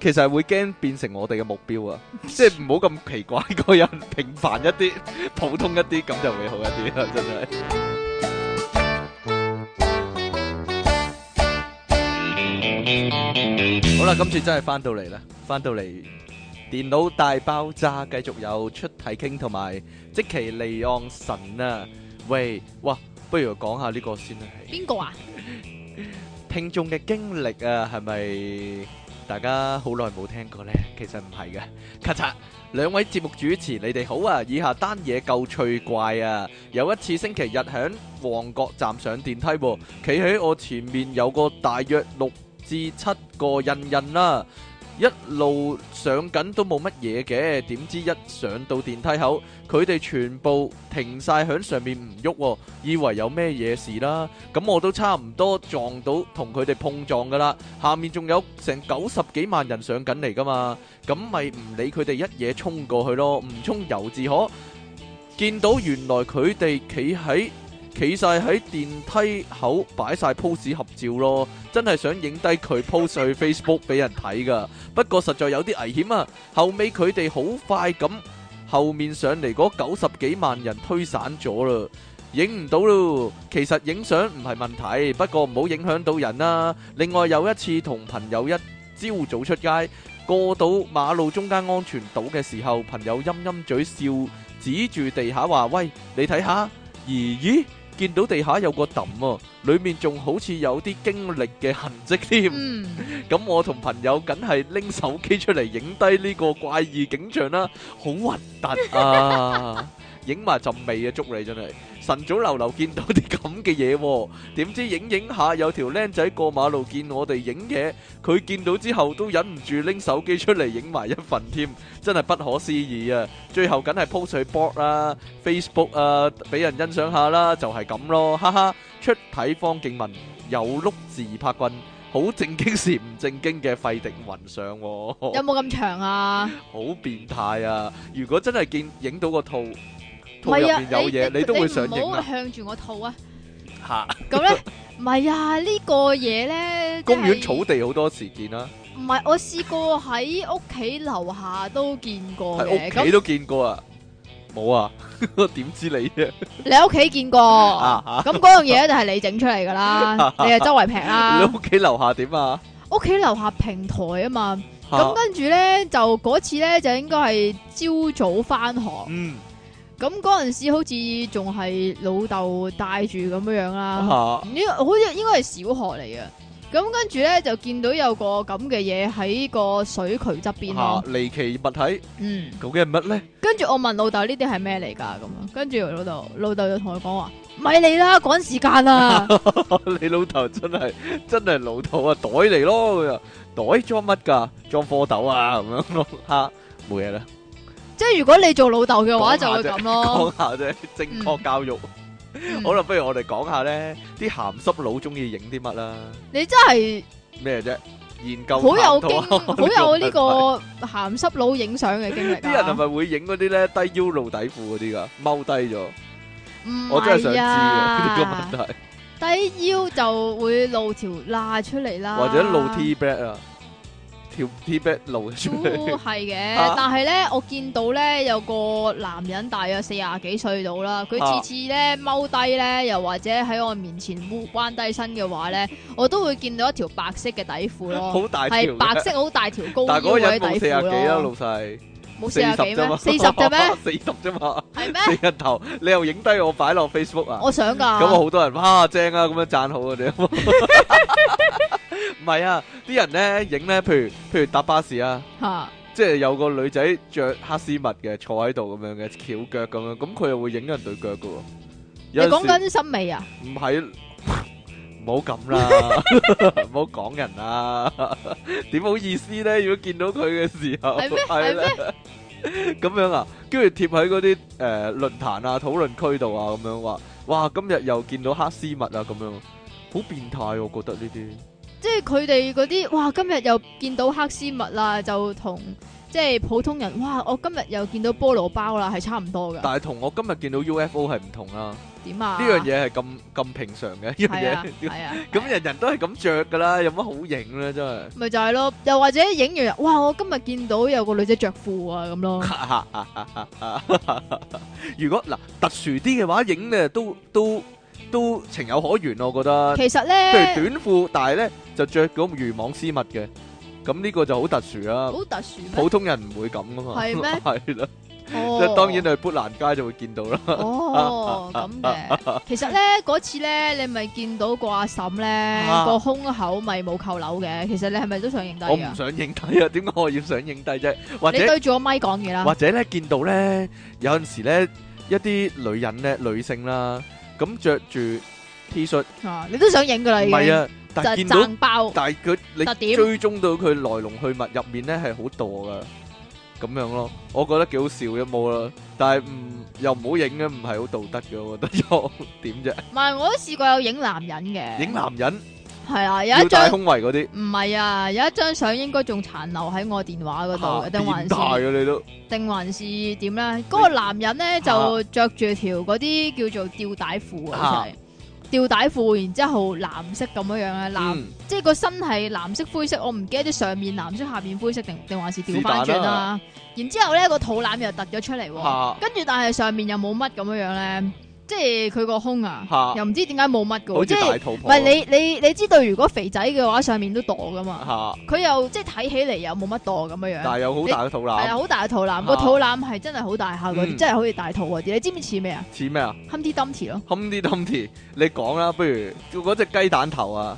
其實係會驚變成我哋嘅目標啊！即係唔好咁奇怪，個人平凡一啲，普通一啲，咁就會好一啲啦，真係。好啦，今次真係翻到嚟啦！翻到嚟，電腦大爆炸，繼續有出體 king 同埋積淇離岸神啊！喂，哇，不如講下呢個先啦。邊個啊？聽眾嘅經歷啊，係咪大家好耐冇聽過呢？其實唔係嘅，咔嚓，兩位節目主持，你哋好啊！以下單嘢夠趣怪啊！有一次星期日響旺角站上電梯喎，企喺我前面有個大約六至七個印印啦，一路上緊都冇乜嘢嘅，點知一上到電梯口，佢哋全部停晒響上面唔喐，以為有咩嘢事啦。咁我都差唔多撞到同佢哋碰撞噶啦，下面仲有成九十幾萬人上緊嚟噶嘛，咁咪唔理佢哋一嘢衝過去咯，唔衝由自可。見到原來佢哋企喺。企晒喺電梯口擺晒 pose 合照咯，真係想影低佢 pose 去 Facebook 俾人睇噶。不過實在有啲危險啊！後尾佢哋好快咁後面上嚟嗰九十幾萬人推散咗啦，影唔到咯。其實影相唔係問題，不過唔好影響到人啦。另外有一次同朋友一朝早出街，過到馬路中間安全島嘅時候，朋友陰陰嘴笑指住地下話：「喂，你睇下，咦？咦？見到地下有個抌啊，裏面仲好似有啲經歷嘅痕跡添。咁、 嗯、我同朋友梗係拎手機出嚟影低呢個怪異景象啦、啊，好核突啊！ 影埋浸味啊！捉你真係晨早流流見到啲咁嘅嘢，點知影影下有條靚仔過馬路見我哋影嘢，佢見到之後都忍唔住拎手機出嚟影埋一份添，真係不可思議啊！最後梗係 post 去 board 啦，Facebook 啊，俾人欣賞下啦，就係咁咯，哈哈！出體方敬文有碌自拍棍，好正經時唔正經嘅廢敵雲上，有冇咁長啊？好變態啊！如果真係見影到個套。唔係啊！有嘢你都會想，你你唔好向住我套啊！吓咁咧，唔係啊！呢個嘢咧，公園草地好多時見啦。唔係我試過喺屋企樓下都見過嘅，咁都見過啊！冇啊！我點知你啫？你喺屋企見過，咁嗰樣嘢就係你整出嚟噶啦！你係周圍平啦。你屋企樓下點啊？屋企樓下平台啊嘛。咁跟住咧，就嗰次咧就應該係朝早返學。嗯。咁嗰陣時好似仲係老豆帶住咁樣樣啦，呢好似應該係小學嚟嘅。咁跟住咧，就見到有個咁嘅嘢喺個水渠側邊咯。離、啊、奇物體，嗯，究竟係乜咧？跟住我問爸爸老豆呢啲係咩嚟噶？咁，跟住老豆，老豆就同佢講話，咪你啦，趕時間啊！ 你老豆真係真係老豆啊！袋嚟咯，袋裝乜噶？裝蝌蚪啊，咁樣咯，吓冇嘢啦。即係如果你做老豆嘅話，就會咁咯。講下啫，正確教育。好啦，不如我哋講下咧，啲鹹濕佬中意影啲乜啦？你真係咩啫？研究好有經，好有呢個鹹濕佬影相嘅經歷。啲人係咪會影嗰啲咧低腰露底褲嗰啲噶？踎低咗，我真係想知啊呢個問題。低腰就會露條罅出嚟啦，或者露 T-back 啊。條 T 恤露出嚟。都係嘅，但係咧，我見到咧有個男人大約四十幾歲到啦，佢次次咧踎低咧，又或者喺我面前彎低身嘅話咧，我都會見到一條白色嘅底褲咯，好大條，係白色好大條高腰嘅底褲咯。但嗰日冇四十幾啦，老細。冇四十幾咩？四十咋咩？四十咋嘛？係咩？四十頭，你又影低我擺落 Facebook 啊？我想噶。咁啊，好多人哇，正啊，咁樣讚好啊你。唔係啊，啲人咧，影，咧，譬如譬如搭巴士啊，哈即係有個女仔着黑絲襪嘅坐喺度咁樣嘅翹腳咁樣，咁佢又會影人對腳嘅、啊。你講緊審美啊？唔係，唔好咁啦，唔好講人啦，點 好意思咧？如果見到佢嘅時候，係咩？係咩？咁樣啊，跟住貼喺嗰啲誒論壇啊討論區度啊，咁、啊、樣話、啊、哇，今日又見到黑絲襪啊，咁樣，樣，樣，樣好變態，我、啊啊、覺得呢啲。即係佢哋嗰啲，哇！今日又見到黑絲襪啦，就同即係普通人，哇！我今日又見到菠蘿包啦，係差唔多嘅。但係同我今日見到 UFO 係唔同啦。點啊？呢樣嘢係咁咁平常嘅呢樣嘢，咁人人都係咁著噶啦，有乜好影咧？真係咪就係咯？又或者影完，哇！我今日見到有個女仔著褲啊，咁咯。如果嗱特殊啲嘅話，影咧都都都情有可原，我覺得。其實咧，譬如短褲，但係咧。就著嗰漁網絲襪嘅，咁呢個就好特殊啊！好特殊，普通人唔會咁啊嘛。係咩？係啦，即係當然你去砵蘭街就會見到啦。哦，咁嘅，其實咧嗰次咧，你咪見到個阿嬸咧個胸口咪冇扣紐嘅。其實你係咪都想影低啊？我唔想影低啊！點解我要想影低啫？或者對住我咪講嘢啦。或者咧，見到咧有陣時咧一啲女人咧女性啦，咁著住 T 恤，你都想影噶啦，已經。但係見到，但係佢你追蹤到佢來龍去脈入面咧，係好墮噶咁樣咯。我覺得幾好笑嘅冇啦，但係唔又唔好影嘅，唔係好道德嘅，我覺得又點啫？唔係，我都試過有影男人嘅，影男人？係啊，有一張胸圍嗰啲唔係啊，有一張相應該仲殘留喺我電話嗰度，定還是點咧？嗰個男人咧就着住條嗰啲叫做吊帶褲啊。吊帶褲，然之後藍色咁樣樣咧，藍、嗯、即係個身係藍色灰色，我唔記得啲上面藍色下面灰色定定還是掉翻轉啦。然之後咧個肚腩又突咗出嚟，跟住、啊、但係上面又冇乜咁樣樣咧。即係佢個胸啊，又唔知點解冇乜嘅，好似大肚婆唔係。你你你知道如果肥仔嘅話上面都墮噶嘛，佢又即係睇起嚟又冇乜墮咁樣樣，但係有好大嘅肚腩，係啊好大嘅肚腩個肚腩係真係好大下嗰啲，真係好似大肚嗰啲。你知唔知似咩啊？似咩啊？Humpty Dumpty 咯，Humpty Dumpty，你講啦，不如做嗰隻雞蛋頭啊，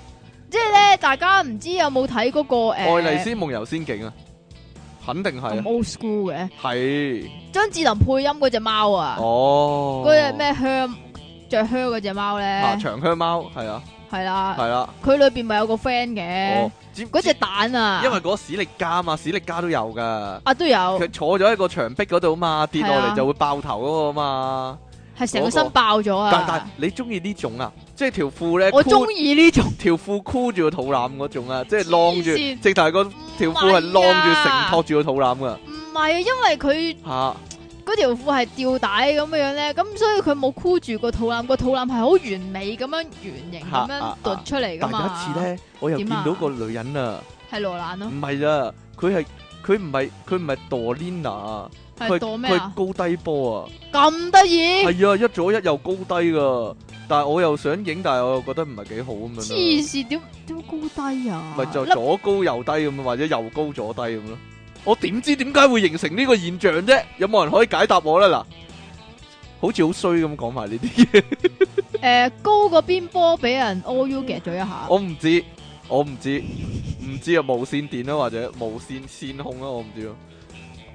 即係咧，大家唔知有冇睇嗰個誒《愛麗絲夢遊仙境》啊？肯定係，old school 嘅。係張智霖配音嗰隻貓啊，哦，嗰隻咩靴着靴嗰隻貓咧，長靴貓係啊，係啦，係啦，佢裏邊咪有個 friend 嘅，哦，嗰隻蛋啊，因為嗰史力加啊嘛，史力加都有噶，啊都有，佢坐咗喺個牆壁嗰度啊嘛，跌落嚟就會爆頭嗰個啊嘛，係成身爆咗啊。但但你中意呢種啊，即係條褲咧，我中意呢種，條褲箍住個肚腩嗰種啊，即係晾住，直頭係個。條褲係晾住承托住個肚腩噶，唔係因為佢吓嗰條褲係吊帶咁嘅樣咧，咁所以佢冇箍住個肚腩，個肚腩係好完美咁樣圓形咁樣凸出嚟噶嘛。有、啊啊、一次咧，我又、啊、見到個女人啊，係羅蘭咯，唔係啊，佢係佢唔係佢唔係朵蓮啊。佢佢高低波啊，咁得意係啊，一左一右高低噶，但係我又想影，但係我又覺得唔係幾好咁樣。黐線，點點高低啊？咪就左高右低咁咯，或者右高左低咁咯。我點知點解會形成呢個現象啫？有冇人可以解答我咧？嗱，好似好衰咁講埋呢啲嘢。誒，高嗰邊波俾人 ou 夾咗一下。我唔知，我唔知，唔知啊，無線電啦，或者無線線控啦，我唔知咯。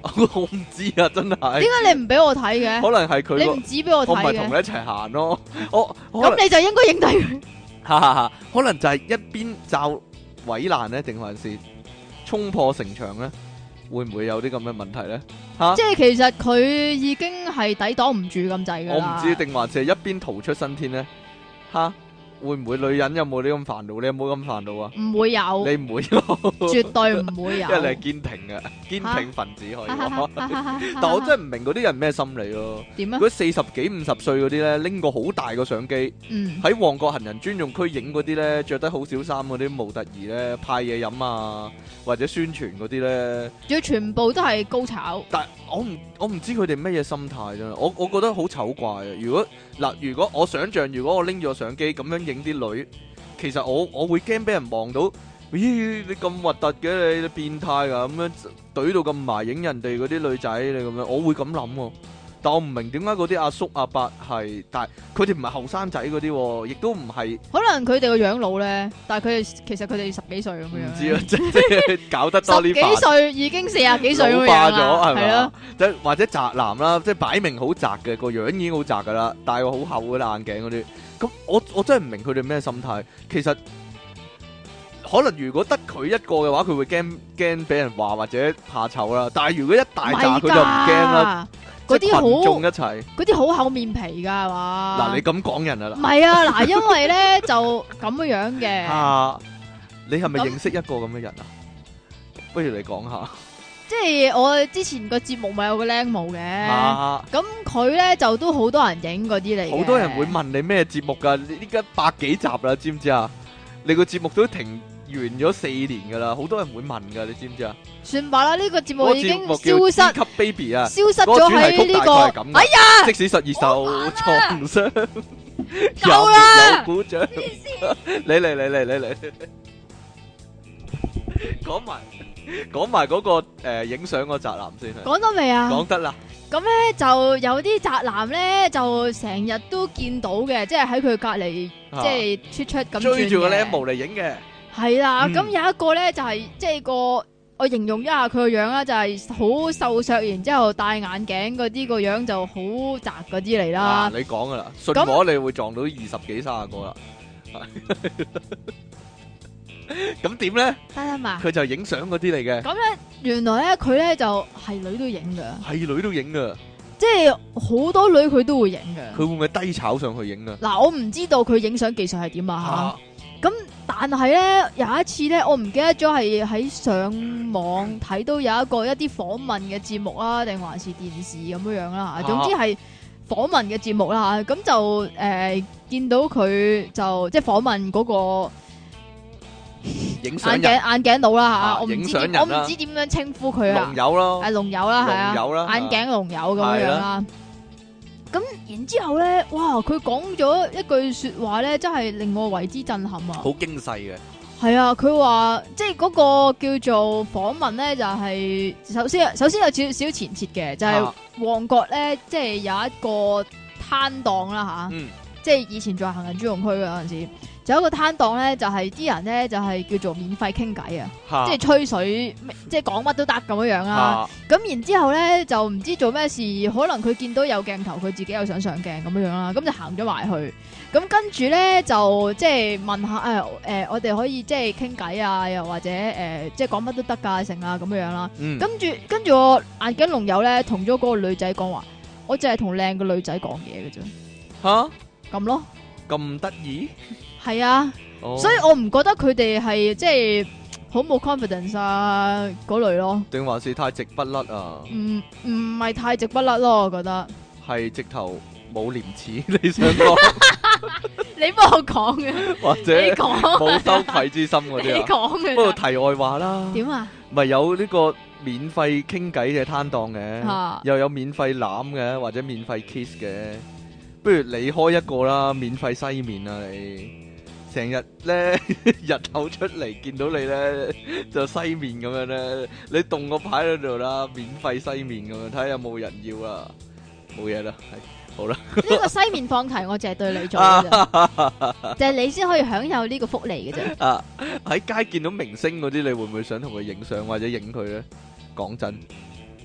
我唔知啊，真係。點解你唔俾我睇嘅？可能係佢你唔止俾我睇，我同你一齊行咯，啊。 我咁可能 你就應該影低佢。可能就係一邊罩圍欄呢定還是衝破城牆咧？會唔會有啲咁嘅問題咧？吓，啊，即係其實佢已經係抵擋唔住咁滯嘅。我唔知定還是係一邊逃出生天咧？吓、啊。會唔會女人有冇啲咁煩惱？你有冇咁煩惱啊？唔會有，你唔不會， 絕對唔會有。 因為你係堅挺嘅堅挺分子可以講。 但我真係唔明嗰啲人咩心理咯？點啊？如果四十幾五十歲嗰啲咧，拎個好大個相機，喺、嗯、旺角行人專用區影嗰啲咧，着得好少衫嗰啲模特兒咧，派嘢飲啊，或者宣傳嗰啲咧，要全部都係高炒。但我唔我唔知佢哋咩嘢心態啫。我我覺得好醜怪啊！如果嗱，如果我想像如果我拎住個相機咁樣。影啲女，其實我我會驚俾人望到，咦，你咁核突嘅，你變態㗎，咁樣懟到咁埋影人哋嗰啲女仔，你咁樣，我會咁諗，但係我唔明點解嗰啲阿叔阿伯係，但係佢哋唔係後生仔嗰啲，亦都唔係，可能佢哋個樣老咧，但係佢哋其實佢哋十幾歲咁樣，即係搞得多呢把，十幾歲已經四十幾歲咁樣啦，係咪啊？或者宅男啦，即係擺明好宅嘅個樣已經好宅噶啦，戴個好厚嘅眼鏡嗰啲。咁我我真係唔明佢哋咩心態，其實可能如果得佢一個嘅話，佢會驚驚俾人話或者怕醜啦。但係如果一大紮佢就唔驚啦，好那些， 群眾一齊，嗰啲好厚面皮噶係嘛？嗱、啊、你咁講人啊啦，唔係啊嗱，因為咧 就咁樣嘅。啊，你係咪認識一個咁嘅人啊？那不如你講下。即係我之前個節目咪有個靚模嘅，咁佢咧就都好多人影嗰啲嚟。好多人會問你咩節目噶？呢家百幾集啦，知唔知啊？你個節目都停完咗四年噶啦，好多人會問噶，你知唔知啊？算罷啦，呢個節目已經消失，吸 baby 啊，消失咗喺呢個。哎呀，即使十二受創傷，有冇鼓掌？你嚟嚟嚟嚟嚟嚟，講埋。講埋嗰個誒影相嗰宅男先係，講得未啊？講得啦。咁咧就有啲宅男咧，就成日都見到嘅，即係喺佢隔籬，即係出出咁追住個靚模嚟影嘅。係啦，咁有一個咧就係即係個，我形容一下佢個樣啦，就係好瘦削，然之後戴眼鏡嗰啲個樣就好宅嗰啲嚟啦。啊，你講噶啦，信我你會撞到二十幾卅個啦。咁點咧？得吖嘛，佢就影相嗰啲嚟嘅。咁咧，原來咧佢咧就係女都影㗎，係女都影㗎，即係好多女佢都會影㗎。佢會唔會低炒上去影㗎？嗱，我唔知道佢影相技術係點啊。咁但係咧，有一次咧，我唔記得咗係喺上網睇到有一個一啲訪問嘅節目啦，定還是電視咁樣樣啦。總之係訪問嘅節目啦。咁就誒見到佢就即係訪問嗰個眼鏡眼鏡佬啦吓，我唔知我唔知點樣稱呼佢啊。龍友咯，係龍友啦，係啊，眼鏡龍友咁樣啦。咁然之後咧，哇，佢講咗一句說話咧，真係令我為之震撼啊！好驚世嘅，係啊，佢話即係嗰個叫做訪問咧，就係首先，首先有少少前設嘅，就係旺角咧，即係有一個攤檔啦吓，即係以前在行緊珠龍區嗰陣時。有一個攤檔咧，就係、是、啲人咧就係、是、叫做免費傾偈啊，哈 即係吹水，即係講乜都得咁樣樣、啊、啦。咁哈 然之後咧就唔知做咩事，可能佢見到有鏡頭，佢自己又想上鏡咁樣、啊、樣啦、啊。咁、啊啊、就行咗埋去，咁跟住咧就即係問下誒誒、哎呃，我哋可以即係傾偈啊，又或者誒、呃、即係講乜都得噶、啊，成啊咁樣樣、啊、啦、嗯。跟住跟住我眼鏡龍友咧，同咗嗰個女仔講話，我淨係同靚嘅女仔講嘢嘅啫。吓咁、啊、樣咯，咁得意。係啊，所以我唔覺得佢哋係即係好冇 confidence 啊嗰類咯。定話是太直筆甩啊，唔唔係太直筆甩咯，我覺得係直頭冇廉恥。你想講？你幫我講嘅，或者你講嘅，冇羞愧之心嗰啲嘅，不過題外話啦，點啊？咪有呢個免費傾偈嘅攤檔嘅，又有免費攬嘅，或者免費 kiss 嘅。不如你開一個啦，免費西面啊你。成日咧，日頭出嚟，見到你咧就西面咁樣咧，你動個牌喺度啦，免費西面咁樣睇下有冇人要啊，冇嘢啦，係好啦。呢個西面放題我淨係對你做嘅，就係你先可以享有呢個福利嘅啫。啊，喺街見到明星嗰啲，你會唔會想同佢影相或者影佢咧？講真，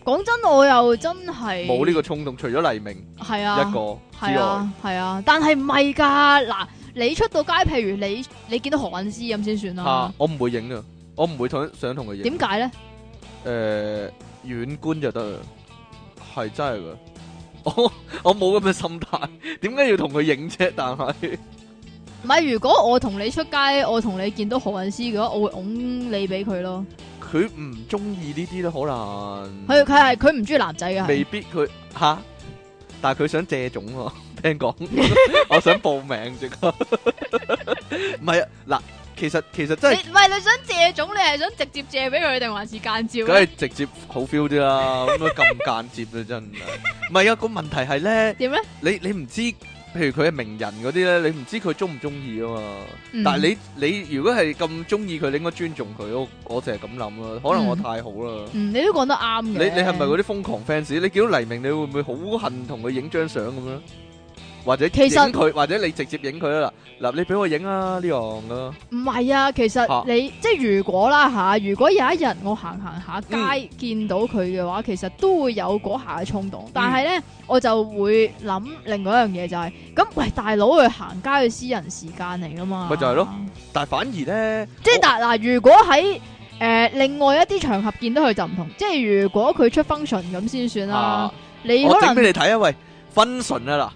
講真，我又真係冇呢個衝動，除咗黎明係啊一個之外，係啊，但係唔係噶嗱。你出到街，譬如你你見到何韻詩咁先算啦。吓，我唔會影啊，我唔會同想同佢影。點解咧？誒、呃，遠觀就得啦，係真係噶、哦。我我冇咁嘅心態，點解要同佢影啫？但係唔係，如果我同你出街，我同你見到何韻詩嘅話，我會拱你俾佢咯。佢唔中意呢啲都可能佢佢係佢唔中意男仔嘅。未必佢吓，啊，但係佢想借種，啊。聽講，我想報名啫。唔係啊，嗱，其實其實真係唔係你想借種，你係想直接借俾佢定還是間接？梗係直接好 feel 啲啦，咁樣咁間接啊真係。唔係啊，個問題係咧，點咧？你你唔知，譬如佢係名人嗰啲咧，你唔知佢中唔中意啊嘛。但係你你如果係咁中意佢，你應該尊重佢咯。我我淨係咁諗咯。可能我太好啦。嗯，你都講得啱嘅。你你係咪嗰啲瘋狂 fans？你見到黎明你會唔會好恨同佢影張相咁樣？或者影佢，或者你直接影佢啦。嗱、啊，你俾我影啊呢樣啊。唔係啊，其實你即係如果啦吓，如果有一日我行行下街見到佢嘅話，嗯、其實都會有嗰下嘅衝動。但係咧，我就會諗另外一樣嘢就係、是，咁喂大佬去行街嘅私人時間嚟噶嘛？咪就係咯。但係反而咧，即係嗱嗱，如果喺誒、呃、另外一啲場合見到佢就唔同。即係如果佢出 function 咁先算、啊、可能啦。你我整俾你睇啊，喂，function 啊啦。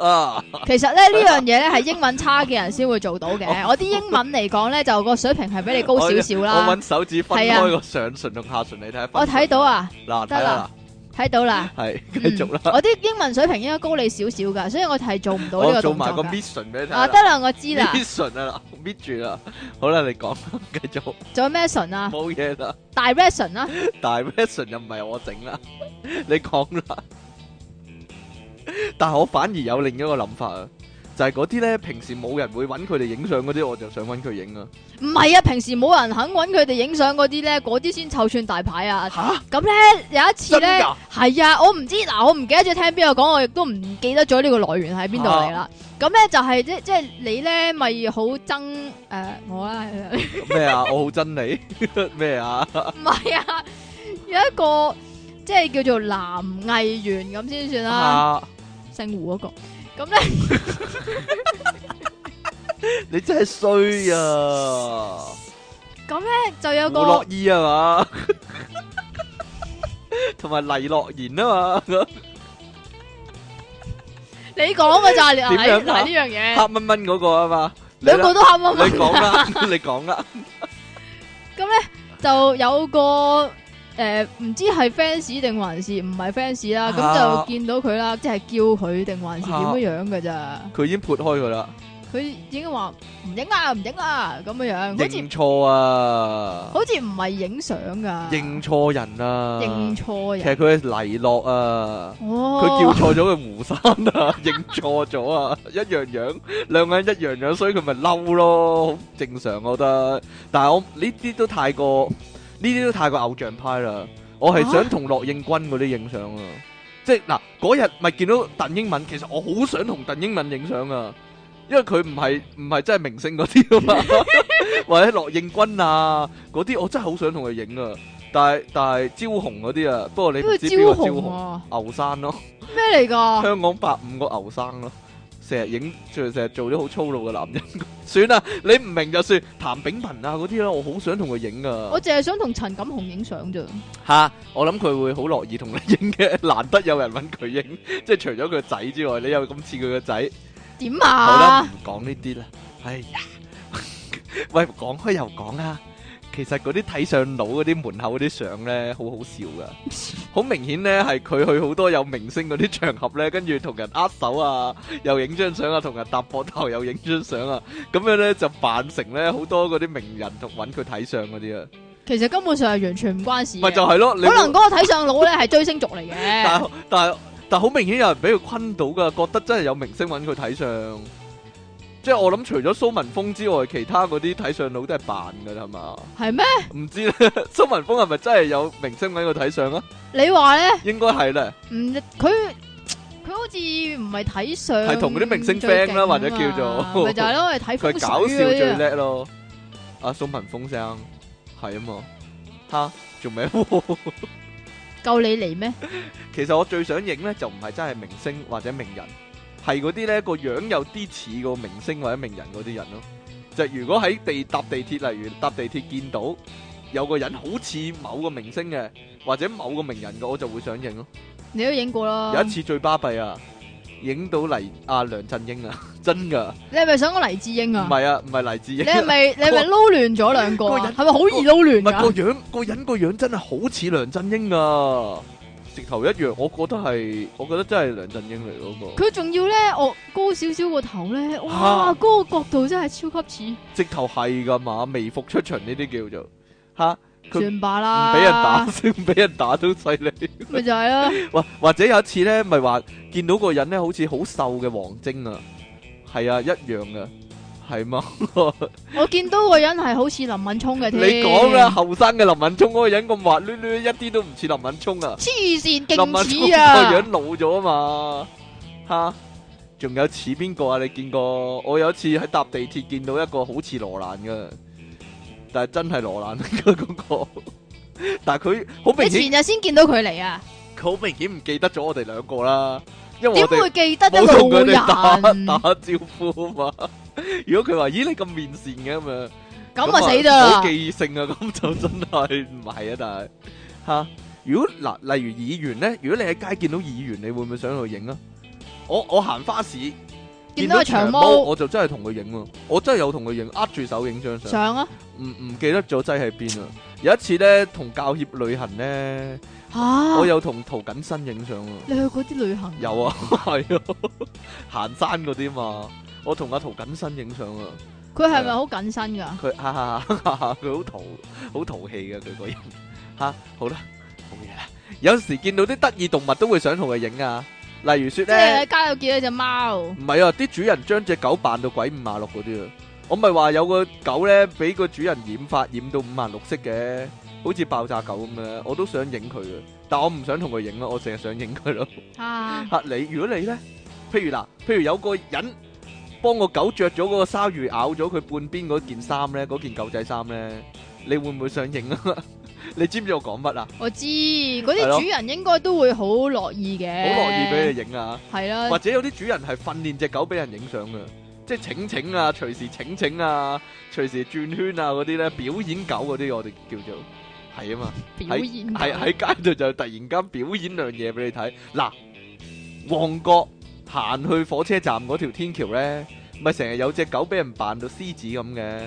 啊，其實咧，呢樣嘢咧係英文差嘅人先會做到嘅。我啲英文嚟講咧，就個水平係比你高少少啦。我搵手指分開個上唇同下唇，你睇下。我睇到啊。嗱，得啦，睇到啦。係，繼續啦。我啲英文水平應該高你少少噶所以我係做唔到呢個動作。我做埋個 mission 俾你睇。啊，得啦，我知啦。mission 啊啦，搣住啦。好啦，你講，繼續。仲有咩啊？冇嘢啦。大 version 啦。大 version 又唔係我整啦，你講啦。但係我反而有另一個諗法啊，就係嗰啲咧平時冇人會揾佢哋影相嗰啲，我就想揾佢影啊。唔係啊，平時冇人肯揾佢哋影相嗰啲咧，嗰啲先臭串大牌啊。咁咧蛤有一次咧，係啊，我唔知嗱，我唔記得咗聽邊個講，我亦都唔記得咗呢個來源喺邊度嚟啦。咁咧就係即即係你咧，咪好憎誒我啊？咩 啊？我好憎你咩啊？唔係啊，有一個即係叫做男藝員咁先算啦。啊姓胡嗰個，咁咧你真係衰啊！咁咧就有個樂意啊嘛，同埋黎樂言啊嘛，你講嘅就係你呢樣嘢？黑蚊蚊嗰個啊嘛，兩個都黑蚊蚊，你講啦，你講啦，咁咧就有個。.誒，唔、呃、知係 fans 定還是唔係 fans 啦、啊，咁就見到佢啦，即係叫佢定還是點樣樣嘅咋？佢、啊、已經撥開佢啦。佢已經話唔影啊，唔影啊，咁樣樣。認錯啊！好似唔係影相噶。認錯人啊！認錯人。其實佢係黎諾啊，佢、哦、叫錯咗佢胡生啊， 認錯咗啊，一樣樣，樣，兩眼一樣，樣樣，所以佢咪嬲咯，好正常我覺得。但係我呢啲都太過。 呢啲都太過偶像派、啊、啦，我係想同駱應鈞嗰啲影相啊，即係嗱嗰日咪見到鄧英文，其實我好想同鄧英文影相啊，因為佢唔係唔係真係明星嗰啲啊嘛， 或者駱應鈞啊嗰啲，我真係好想同佢影啊，但係但係招紅嗰啲啊，不過你唔知邊個招紅，麼牛生咯，咩嚟㗎？香港八五個牛生咯。成日影，就成日做啲好粗魯嘅男人。 算啦，你唔明就算。譚炳文啊，嗰啲啦，我好想同佢影啊。我淨係想同陳錦鴻影相啫。吓，我諗佢會好樂意同你影嘅。難得有人問佢影，即係除咗佢個仔之外，你又咁似佢個仔。點啊？好啦，唔講呢啲啦。呀，Yeah. 喂，講開又講啊。其實嗰啲睇相佬嗰啲門口嗰啲相咧，好好笑噶，好明顯咧係佢去好多有明星嗰啲場合咧，跟住同人握手啊，又影張相啊，同人搭膊頭又影張相啊，咁樣咧就扮成咧好多嗰啲名人同揾佢睇相嗰啲啊。其實根本上係完全唔關事，咪就係咯，可能嗰個睇相佬咧係 追星族嚟嘅。但但但好明顯有人俾佢坤到噶，覺得真係有明星揾佢睇相。即係我諗，除咗蘇文峰之外，其他嗰啲睇相佬都係扮噶啦，係嘛？係咩？唔知咧，蘇文峰係咪真係有明星喺度睇相啊？你話咧，應該係啦。唔，佢佢好似唔係睇相，係同嗰啲明星 friend 啦，或者叫做咪就係咯，睇佢搞笑最叻咯。阿蘇文峰生係啊嘛，哈做咩？救你嚟咩？其實我最想影咧，就唔係真係明星或者名人。係嗰啲咧個樣有啲似個明星或者名人嗰啲人咯，哦，就是，如果喺地搭地鐵，例如搭地鐵見到有個人好似某個明星嘅或者某個名人嘅，我就會想影咯，哦。你都影過啦，有一次最巴閉啊，影到黎阿梁振英啊， 真噶的！你係咪想過黎智英啊？唔係啊，唔係黎智英，啊你是是。你係咪你係咪撈亂咗兩個，啊？係咪 人好易撈亂？唔係，那個樣，個、那、人個樣，那個樣真係好似梁振英啊！直頭一樣，我覺得係，我覺得真係梁振英嚟咯、嗰個。佢仲要咧，我高少少個頭咧，哇，嗰個、啊、角度真係超級似，直頭係噶嘛，微服出巡呢啲叫做吓，算罷啦，唔俾人打，唔俾人打都犀利，咪 就係啦。或 或者有一次咧，咪話見到個人咧，好似好瘦嘅黃晶啊，係啊，一樣噶。係嘛？我見到個人係好似林敏聰嘅添。你講啦，後生嘅林敏聰嗰個人咁滑捋捋，一啲都唔似林敏聰啊！黐線，勁似啊！個樣老咗啊嘛吓！仲有似邊個啊？你見過？我有一次喺搭地鐵見到一個好似羅蘭噶，但係真係羅蘭嗰個。但係佢好明顯，你前日先見到佢嚟啊？佢好明顯唔記得咗我哋兩個啦，因為點會記得路人打打招呼嘛？ 如果佢話，咦你咁面善嘅咁樣，咁啊死咗啦！好記性啊，咁就真係唔係啊，但係吓、啊，如果嗱、啊、例如議員咧，如果你喺街見到議員，你會唔會想去影啊？我我行花市見到長毛，長毛我就真係同佢影咯，我真係有同佢影，握住手影張相。相啊，唔唔記得咗擠喺邊啦。有一次咧，同教協旅行咧，吓， 我有同涂謹申影相啊。你去嗰啲旅行？有啊，係啊，行山嗰啲嘛。我同阿桃緊身影相啊！佢係咪好緊身噶？佢哈哈哈哈，佢好淘好淘氣嘅佢個人嚇。好啦，冇嘢啦。有時見到啲得意動物都會想同佢影啊。例如説咧，家有見到隻貓？唔係啊，啲主人將隻狗扮到鬼五馬六嗰啲啊！我咪話有個狗咧，俾個主人染髮染到五顏六色嘅，好似爆炸狗咁樣，我都想影佢嘅，但我唔想同佢影啊，我成日想影佢咯。嚇嚇你，如果你咧，譬如嗱，譬如有個人，幫個狗着咗嗰個鯊魚咬咗佢半邊嗰件衫咧，嗰件狗仔衫咧，你會唔會想影啊？ 你知唔知我講乜啊？我知嗰啲主人應該都會好樂意嘅，好樂意俾你影啊。係咯的，或者有啲主人係訓練隻狗俾人影相嘅，即係請請啊，隨時請請啊，隨時轉圈啊嗰啲咧，表演狗嗰啲我哋叫做係啊嘛， 表演係狗喺在演街度就突然間表演兩嘢俾你睇嗱，旺角。行去火車站嗰條天橋咧，咪成日有隻狗俾人扮到獅子咁嘅？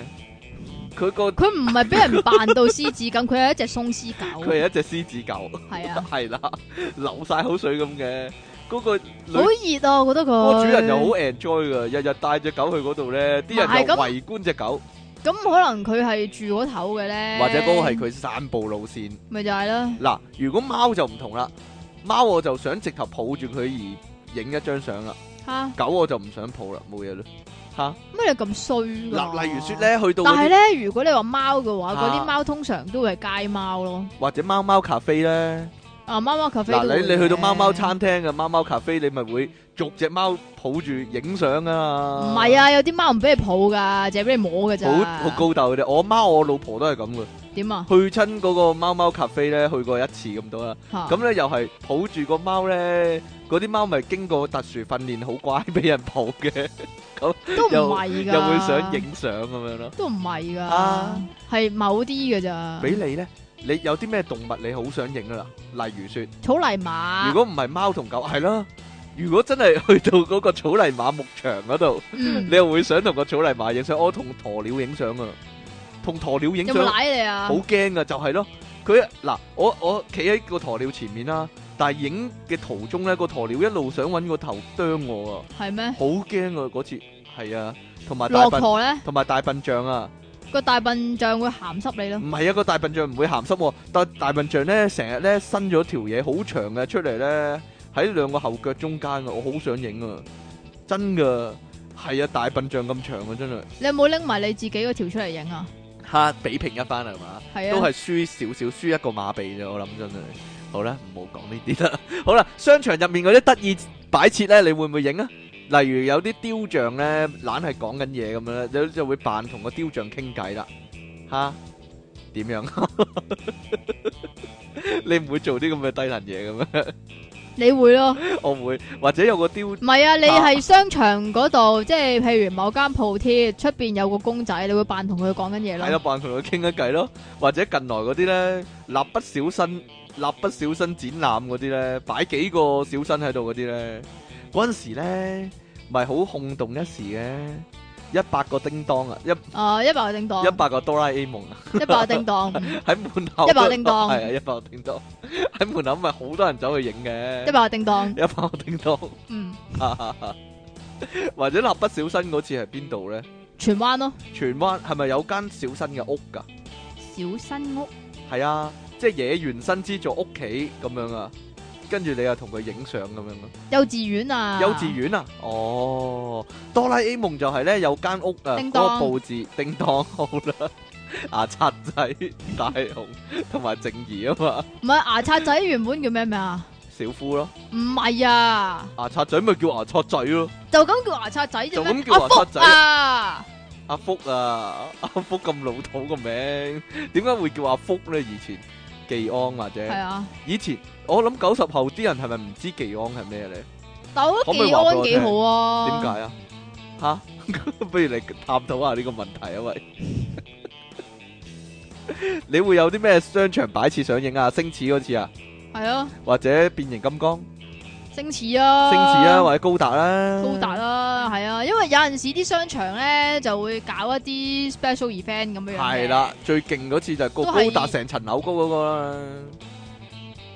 佢個佢唔係俾人扮到獅子咁，佢係 一隻鬆獅狗。佢係一隻獅子狗。係啊，係啦，流晒口水咁嘅。嗰、嗰個好熱啊，我覺得佢個、哦、主人就好 enjoy 噶，日日帶隻狗去嗰度咧，啲人又圍觀隻狗。咁可能佢係住嗰頭嘅咧，或者嗰個係佢散步路綫，咪就係啦。嗱，如果貓就唔同啦，貓我就想直頭抱住佢而影一張相啦，蛤狗我就唔想抱啦，冇嘢咯，吓乜你咁衰噶？例如說咧，去到但係咧，如果你話貓嘅話，嗰啲貓通常都會係街貓咯，或者貓貓咖啡咧，啊貓貓咖啡，啊，咖啡你你去到貓貓餐廳嘅貓貓咖啡，你咪會逐隻貓抱住影相噶嘛？唔係啊，有啲貓唔俾你抱噶，淨係俾你摸噶咋？好高竇嘅啫，我貓我老婆都係咁噶。點啊？去親嗰個貓貓咖啡咧，去過一次咁多啦。咁咧又係抱住個貓咧，嗰啲貓咪經過特殊訓練好乖俾人抱嘅。咁又又會想影相咁樣咯？都唔係噶，係某啲噶咋？俾你咧，你有啲咩動物你好想影啊？嗱，例如說草泥馬。如果唔係貓同狗，係咯。如果真係去到嗰個草泥馬牧場嗰度，你又會想同個草泥馬影相，我同鴕鳥影相啊！同鴕鳥影你啊？好驚啊，就係咯。佢嗱，我我企喺個鴕鳥前面啦，但係影嘅途中咧，個鴕鳥一路想搵個頭啄我啊。係咩？好驚啊！嗰次係啊，同埋駱駝咧，同埋大笨象啊。個大笨象會鹹濕你咯？唔係啊，個大笨象唔會鹹濕。但係大笨象咧，成日咧伸咗條嘢好長嘅出嚟咧，喺兩個後腳中間啊。我好想影啊，真㗎係啊，大笨象咁長啊，真係。你有冇拎埋你自己嗰條出嚟影啊？哈，比拼一番係嘛，都係輸少少，輸一個馬鼻咋？我諗真係，好啦，唔好講呢啲啦。好啦，商場入面嗰啲得意擺設咧，你會唔會影啊？例如有啲雕像咧，懶係講緊嘢咁樣咧，就就會扮同個雕像傾偈啦。吓，點樣？你唔會做啲咁嘅低能嘢咁樣？你會咯， 我會，或者有個雕，唔係啊，你喺商場嗰度，即係 譬如某間鋪貼出邊有個公仔，你會扮同佢講緊嘢咯，係啊，扮同佢傾一偈咯，或者近來嗰啲咧蠟筆小新，蠟筆小新展覽嗰啲咧，擺幾個小新喺度嗰啲咧，嗰陣時咧咪好轟動一時嘅。一百個叮噹啊！一哦，一百、uh, 個叮噹，一百個哆啦 A 夢啊！一百個叮噹，喺門口，一百個叮噹係啊，一百個叮噹喺門口，咪好多人走去影嘅。一百個叮噹，一百個叮噹，嗯，或者蠟筆小新嗰次係邊度咧？荃灣咯，荃灣係咪有間小新嘅屋噶？小新屋係啊，即係野原新之助屋企咁樣啊。跟住你又同佢影相咁樣咯，幼稚園啊，幼稚園啊，哦，哆啦 A 夢就係咧，有間屋啊，嗰噹個布置，叮當好啦，牙刷仔大雄同埋靜宜啊嘛，唔係牙刷仔原本叫咩名？啊？小夫咯，唔係啊，牙刷仔咪叫牙刷仔咯，就咁叫牙刷仔，就咁叫牙刷仔啊，阿福啊，阿福咁老土個名，點解會叫阿福咧？以前？技安或者以前，啊、我諗九十後啲人係咪唔知技安係咩咧？但係我覺得技安幾好啊，點解啊？吓， 不如你探討下呢個問題啊！喂， 你會有啲咩商場擺設上映啊？星矢嗰次啊，係啊，或者變形金剛。星馳啊，星馳啊，或者高達咧，高達啦，係啊，啊，因為有陣時啲商場咧就會搞一啲 special event 咁樣樣。係啦，最勁嗰次就係個高達成層樓高嗰個啦，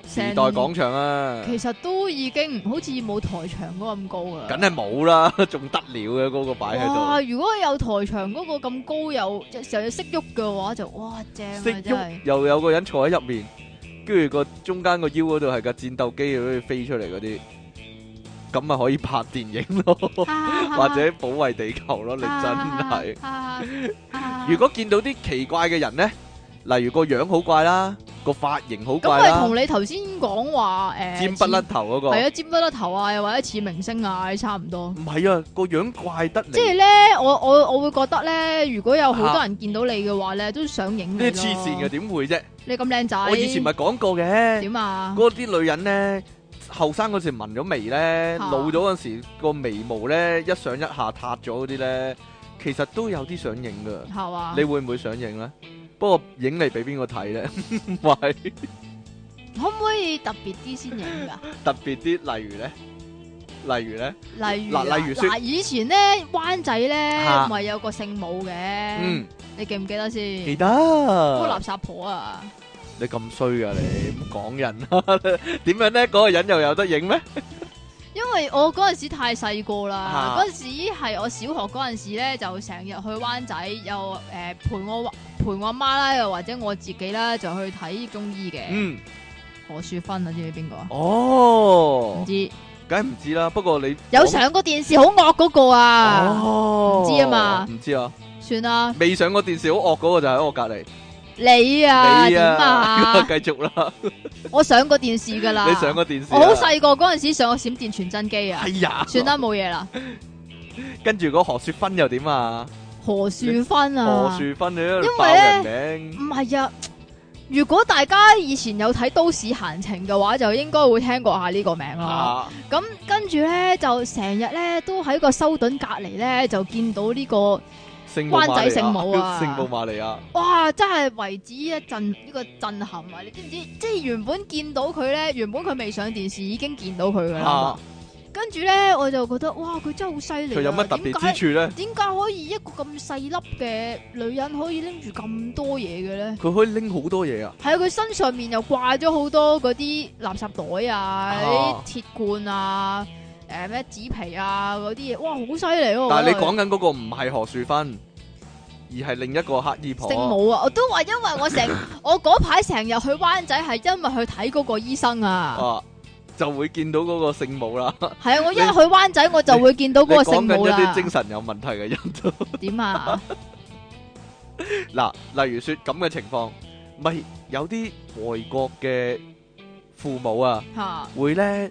是時代廣場啊。其實都已經好似冇台場咁高啊，梗係冇啦，仲得了嘅嗰個擺喺度。哇！如果有台場個咁高又成日識喐嘅話就，就哇正、啊，識喐動又有個人坐喺入面。跟住個中間個腰嗰度係架戰鬥機可以飛出嚟嗰啲，咁咪可以拍電影咯，啊啊、 或者保衞地球咯，你真係。啊啊啊、 如果見到啲奇怪嘅人咧，例如個樣好怪啦。個髮型好怪，咁係同你頭先講話誒，尖不甩頭嗰個係啊，尖不甩頭啊，又或者似明星啊，差唔多。唔係啊，個樣怪得嚟。即係咧，我我我會覺得咧，如果有好多人見到你嘅話咧，都想影。你黐線嘅，點會啫？你咁靚仔，我以前咪講過嘅。點啊？嗰啲女人咧，後生嗰時紋咗眉咧，老咗嗰時個眉毛咧，一上一下塌咗嗰啲咧，其實都有啲想影噶。係啊？你會唔會想影咧？不過影嚟，俾邊個睇咧？喂，可唔可以特別啲先影噶？特別啲，例如咧，例如咧，例如，嗱，例如，嗱，以前咧，灣仔咧，唔係有個聖母嘅？嗯，你記唔記得先？記得，嗰個垃圾婆啊！你咁衰噶你，唔講人，點樣咧？嗰個人又有得影咩？因為我嗰陣時太細個啦，嗰陣、啊、時係我小學嗰陣時咧，就成日去灣仔，又誒、呃、陪我陪我阿媽啦，又或者我自己啦，就去睇中醫嘅。嗯，何樹芬啊，知唔知邊個啊？哦，唔知，梗係唔知啦。不過你有上過電視好惡嗰個啊？哦，唔知啊嘛？唔知啊？算啦了，未上過電視好惡嗰個就喺我隔籬。你啊，點啊？啊繼續啦 ！我上過電視噶啦，你上過電視，啊？我好細個嗰陣時上過閃電傳真機啊呀！係啊，算啦，冇嘢啦。跟住嗰何雪芬又點啊？何雪芬啊？何雪芬喺度爆因為人名。唔係啊！如果大家以前有睇《都市閒情》嘅話，就應該會聽過下呢個名啦。咁、啊嗯、跟住咧，就成日咧都喺個修頓隔離咧，就見到呢、這個。聖關仔聖母啊！聖母瑪利亞，哇，真係為之一震，呢、這個震撼啊！你知唔知？即係原本見到佢咧，原本佢未上電視已經見到佢噶啦，跟住咧我就覺得，哇，佢真係好犀利！佢有乜特別之處咧？點解可以一個咁細粒嘅女人可以拎住咁多嘢嘅咧？佢可以拎好多嘢啊！係啊，佢身上面又掛咗好多嗰啲垃圾袋啊、啊、鐵罐啊。誒咩紙皮啊嗰啲嘢，哇好犀利！啊、但係你講緊嗰個唔係何樹芬，而係另一個黑衣婆。聖母啊，我都話因為我成 我嗰排成日去灣仔係因為去睇嗰個醫生啊，啊，就會見到嗰個聖母啦。係啊，我一去灣仔我就會見到嗰個聖母啦。 一啲精神有問題嘅人都點啊？嗱，例如說咁嘅情況，咪有啲外國嘅父母啊，啊會咧。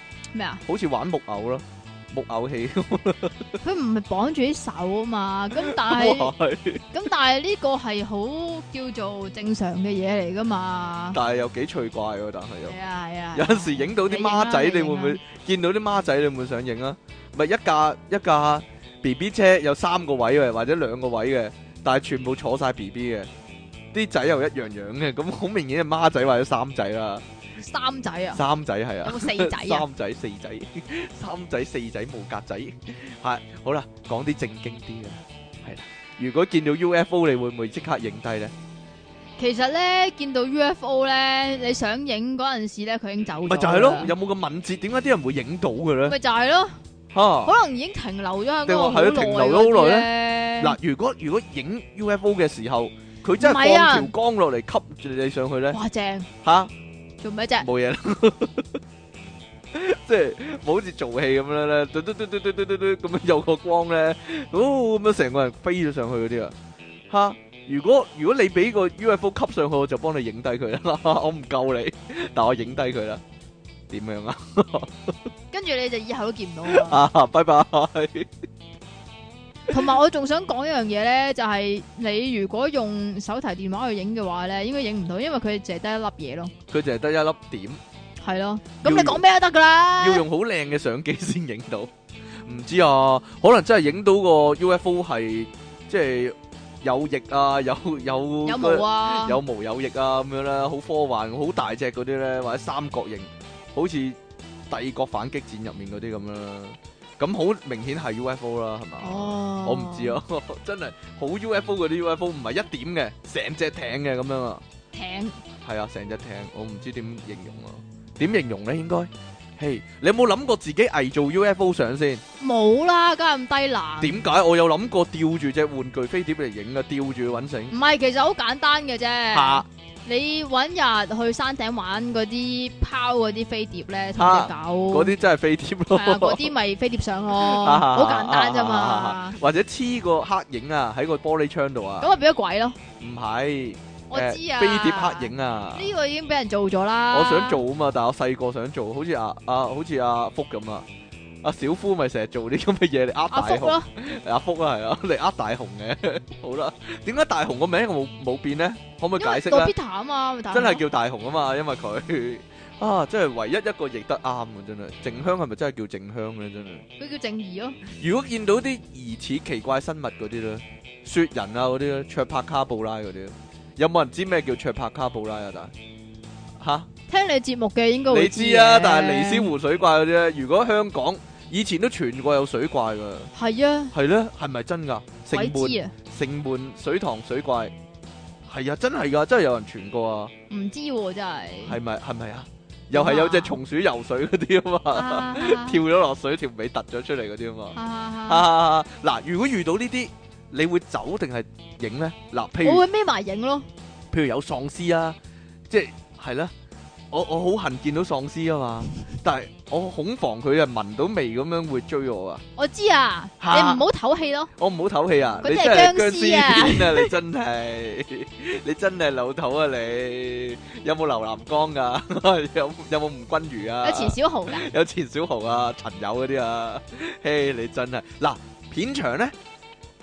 咩啊？好似玩木偶咯，木偶戲。佢唔係綁住啲手啊嘛，咁但係，咁但係呢個係好叫做正常嘅嘢嚟噶嘛？但係又幾趣怪喎，但係又係啊係啊！有陣時影到啲孖仔，你會唔會見到啲孖仔？你會唔會想影啊？咪一架一架 B B 車有三個位嘅，或者兩個位嘅，但係全部坐晒 B B 嘅，啲仔又一樣樣嘅，咁好明顯係孖仔或者三仔啦。三仔啊，三仔係啊，有冇四仔啊？三仔四仔，三仔四仔冇格仔，係好啦，講啲正經啲啊，係啦。如果見到 UFO，你會唔會即刻影低咧？其實咧見到 UFO 咧，你想影嗰陣時咧，佢已經走咗。咪就係咯？有冇咁敏捷？點解啲人會影到嘅咧？咪就係咯，吓可能已經停留咗。喺度係停留咗好耐咧？嗱，如果如果影 UFO 嘅時候，佢真係放條光落嚟吸住你上去咧？哇，正吓！做咩啫？冇嘢啦，即係冇好似做戲咁樣咧，嘟嘟嘟嘟嘟嘟嘟咁樣有個光咧，哦咁樣成個人飛咗上去嗰啲啊！吓，如果如果你俾個 UFO 吸上去，我就幫你影低佢啦，我唔救你，但係我影低佢啦，點樣啊？跟住你就以後都見唔到啦。啊，拜拜。同埋我仲想講一樣嘢咧，就係你如果用手提電話去影嘅話咧，應該影唔到，因為佢淨係得一粒嘢咯。佢淨係得一粒點。係咯，咁你講咩都得噶啦。要用好靚嘅相機先影到。唔知啊，可能真係影到個 UFO 係即係有翼啊，有有有毛啊，有毛有翼啊咁樣啦，好科幻，好大隻嗰啲咧，或者三角形，好似《帝國反擊戰》入面嗰啲咁樣啦。咁好明顯係 UFO 啦，係嘛？Oh. 我唔知 艇啊，真係好 UFO 嗰啲 UFO，唔係一點嘅，成隻艇嘅咁樣啊！艇係啊，成隻艇，我唔知點形容啊。點形容咧應該？嘿、hey，你有冇諗過自己偽造 UFO 相先？冇啦，梗係咁低難。點解我有諗過吊住隻玩具飛碟嚟影啊？吊住佢揾繩。唔係，其實好簡單嘅啫。啊你揾日去山頂玩嗰啲拋嗰啲飛碟咧，同你搞嗰啲、啊、真係飛碟咯，嗰啲咪飛碟上咯，好、 啊、簡單啫嘛、啊啊啊。或者黐個黑影啊，喺個玻璃窗度啊，咁咪俾咗鬼咯，唔係是、啊呃、飛碟黑影啊，呢個已經俾人做咗啦。我想做啊嘛，但係我細個想做好似阿阿好似阿福咁啊。啊阿、啊、小夫咪成日做啲咁嘅嘢嚟呃大雄，係阿福， 啊，福啊，係啊，嚟 呃大雄嘅，好啦。點解大雄個名冇冇變咧？可唔可以解釋咧 Peter 啊真係叫大雄啊嘛，因為佢啊，真係唯一一個譯得啱嘅，真係。靜香係咪真係叫靜香咧？真係佢叫靜怡咯。如果見到啲疑似奇怪生物嗰啲咧，雪人啊嗰啲，卓柏卡布拉嗰啲，有冇人知咩叫卓柏卡布拉啊？大吓，聽你節目嘅應該你知啊。但係尼斯湖水怪嗰啲，如果香港。以前都傳過有水怪噶，係啊，係咧，係咪真噶？城門、城門、啊、水塘水怪，係啊，真係噶，真係有人傳過啊。唔知喎、啊，真係。係咪？係咪啊？又係有隻松鼠游水嗰啲啊嘛，啊 跳咗落水，條尾突咗出嚟嗰啲啊嘛。嗱、啊啊啊，如果遇到呢啲，你會走定係影咧？嗱、啊，譬如我會孭埋影咯。譬如有喪屍啊，即係係啦。我我好恨見到喪屍啊嘛，但係我恐防佢啊聞到味咁樣會追我啊！我知啊，下你唔好唞氣咯。我唔好唞氣啊！你真係僵屍片啊！你真係你真係老土啊！你有冇樓南光噶？有有冇吳 君如啊？有錢小豪啦， 有錢小豪啊，陳友嗰啲啊！嘿、 hey,，你真係嗱，片場咧，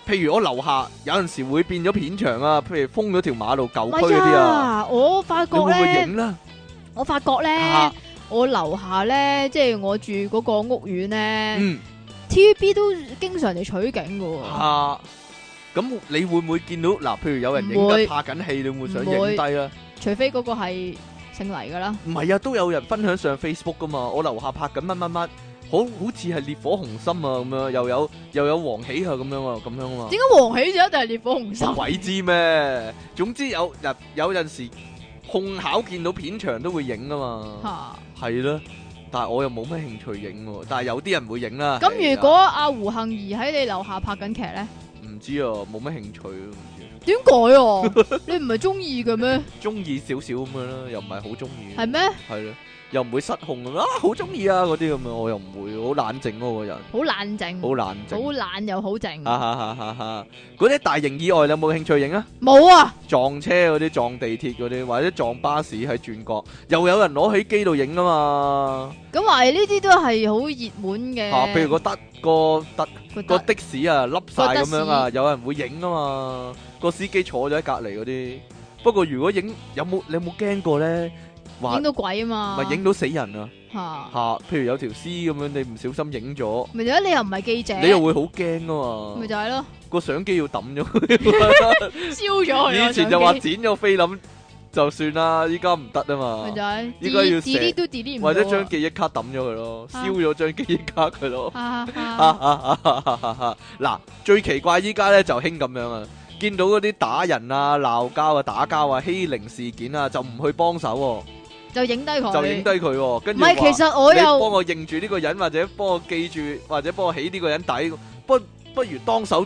譬如我樓下有陣時會變咗片場啊，譬如封咗條馬路舊區嗰啲啊，我發覺咧。我發覺咧，我樓下咧，即係我住嗰個屋苑咧，TVB 都經常嚟取景噶。咁你會唔會見到？嗱，譬如有人影得拍緊戲，你會唔會想影低啊？除非嗰個係姓黎噶啦。唔係啊，都有人分享上 Facebook 噶嘛。我樓下拍緊乜乜乜，好好似係烈火雄心啊，咁樣又有又有王喜啊，咁樣啊，咁樣啊。點解王喜就一定係烈火雄心？鬼知咩？總之有日有陣時。碰巧見到片場都會影㗎嘛，係咯哈，但係我又冇咩興趣影，但係有啲人會影啦。咁如果阿、哎、呀胡杏兒喺你樓下拍緊劇咧，唔知，知啊，冇咩興趣咯。點解啊？你唔係中意嘅咩？中意少少咁樣啦，又唔係好中意。係咩嗎？係咯。又唔會失控咁啊！好中意啊，嗰啲咁樣，我又唔會好冷靜嗰個人，好冷靜，好冷靜，好冷又好靜。哈哈哈！哈嗰啲大型意外，你有冇興趣影啊？冇啊！撞車嗰啲，撞地鐵嗰啲，或者撞巴士喺轉角，又有人攞起機度影啊嘛！咁話呢啲都係好熱門嘅。吓，譬如個的個的個的士啊，笠晒咁樣啊，有人會影啊嘛。個司機坐咗喺隔籬嗰啲。不過如果影有冇你有冇驚過咧？影到鬼啊嘛，咪影到死人啊吓吓，譬如有條屍咁樣，你唔小心影咗，咪就係你又唔係記者，你又會好驚啊嘛，咪就係咯個相機要抌咗，燒咗佢，以前就話剪咗菲林就算啦，依家唔得啊嘛，咪就係依家要，或者將記憶卡抌咗佢咯，燒咗張記憶卡佢咯，嗱最奇怪依家咧就興咁樣啊，見到嗰啲打人啊、鬧交啊、打交啊、欺凌事件啊，就唔去幫手。就影低佢，就影低佢，跟住唔係，其實我又幫我認住呢個人，或者幫我記住，或者幫我起呢個人底，不不如當手，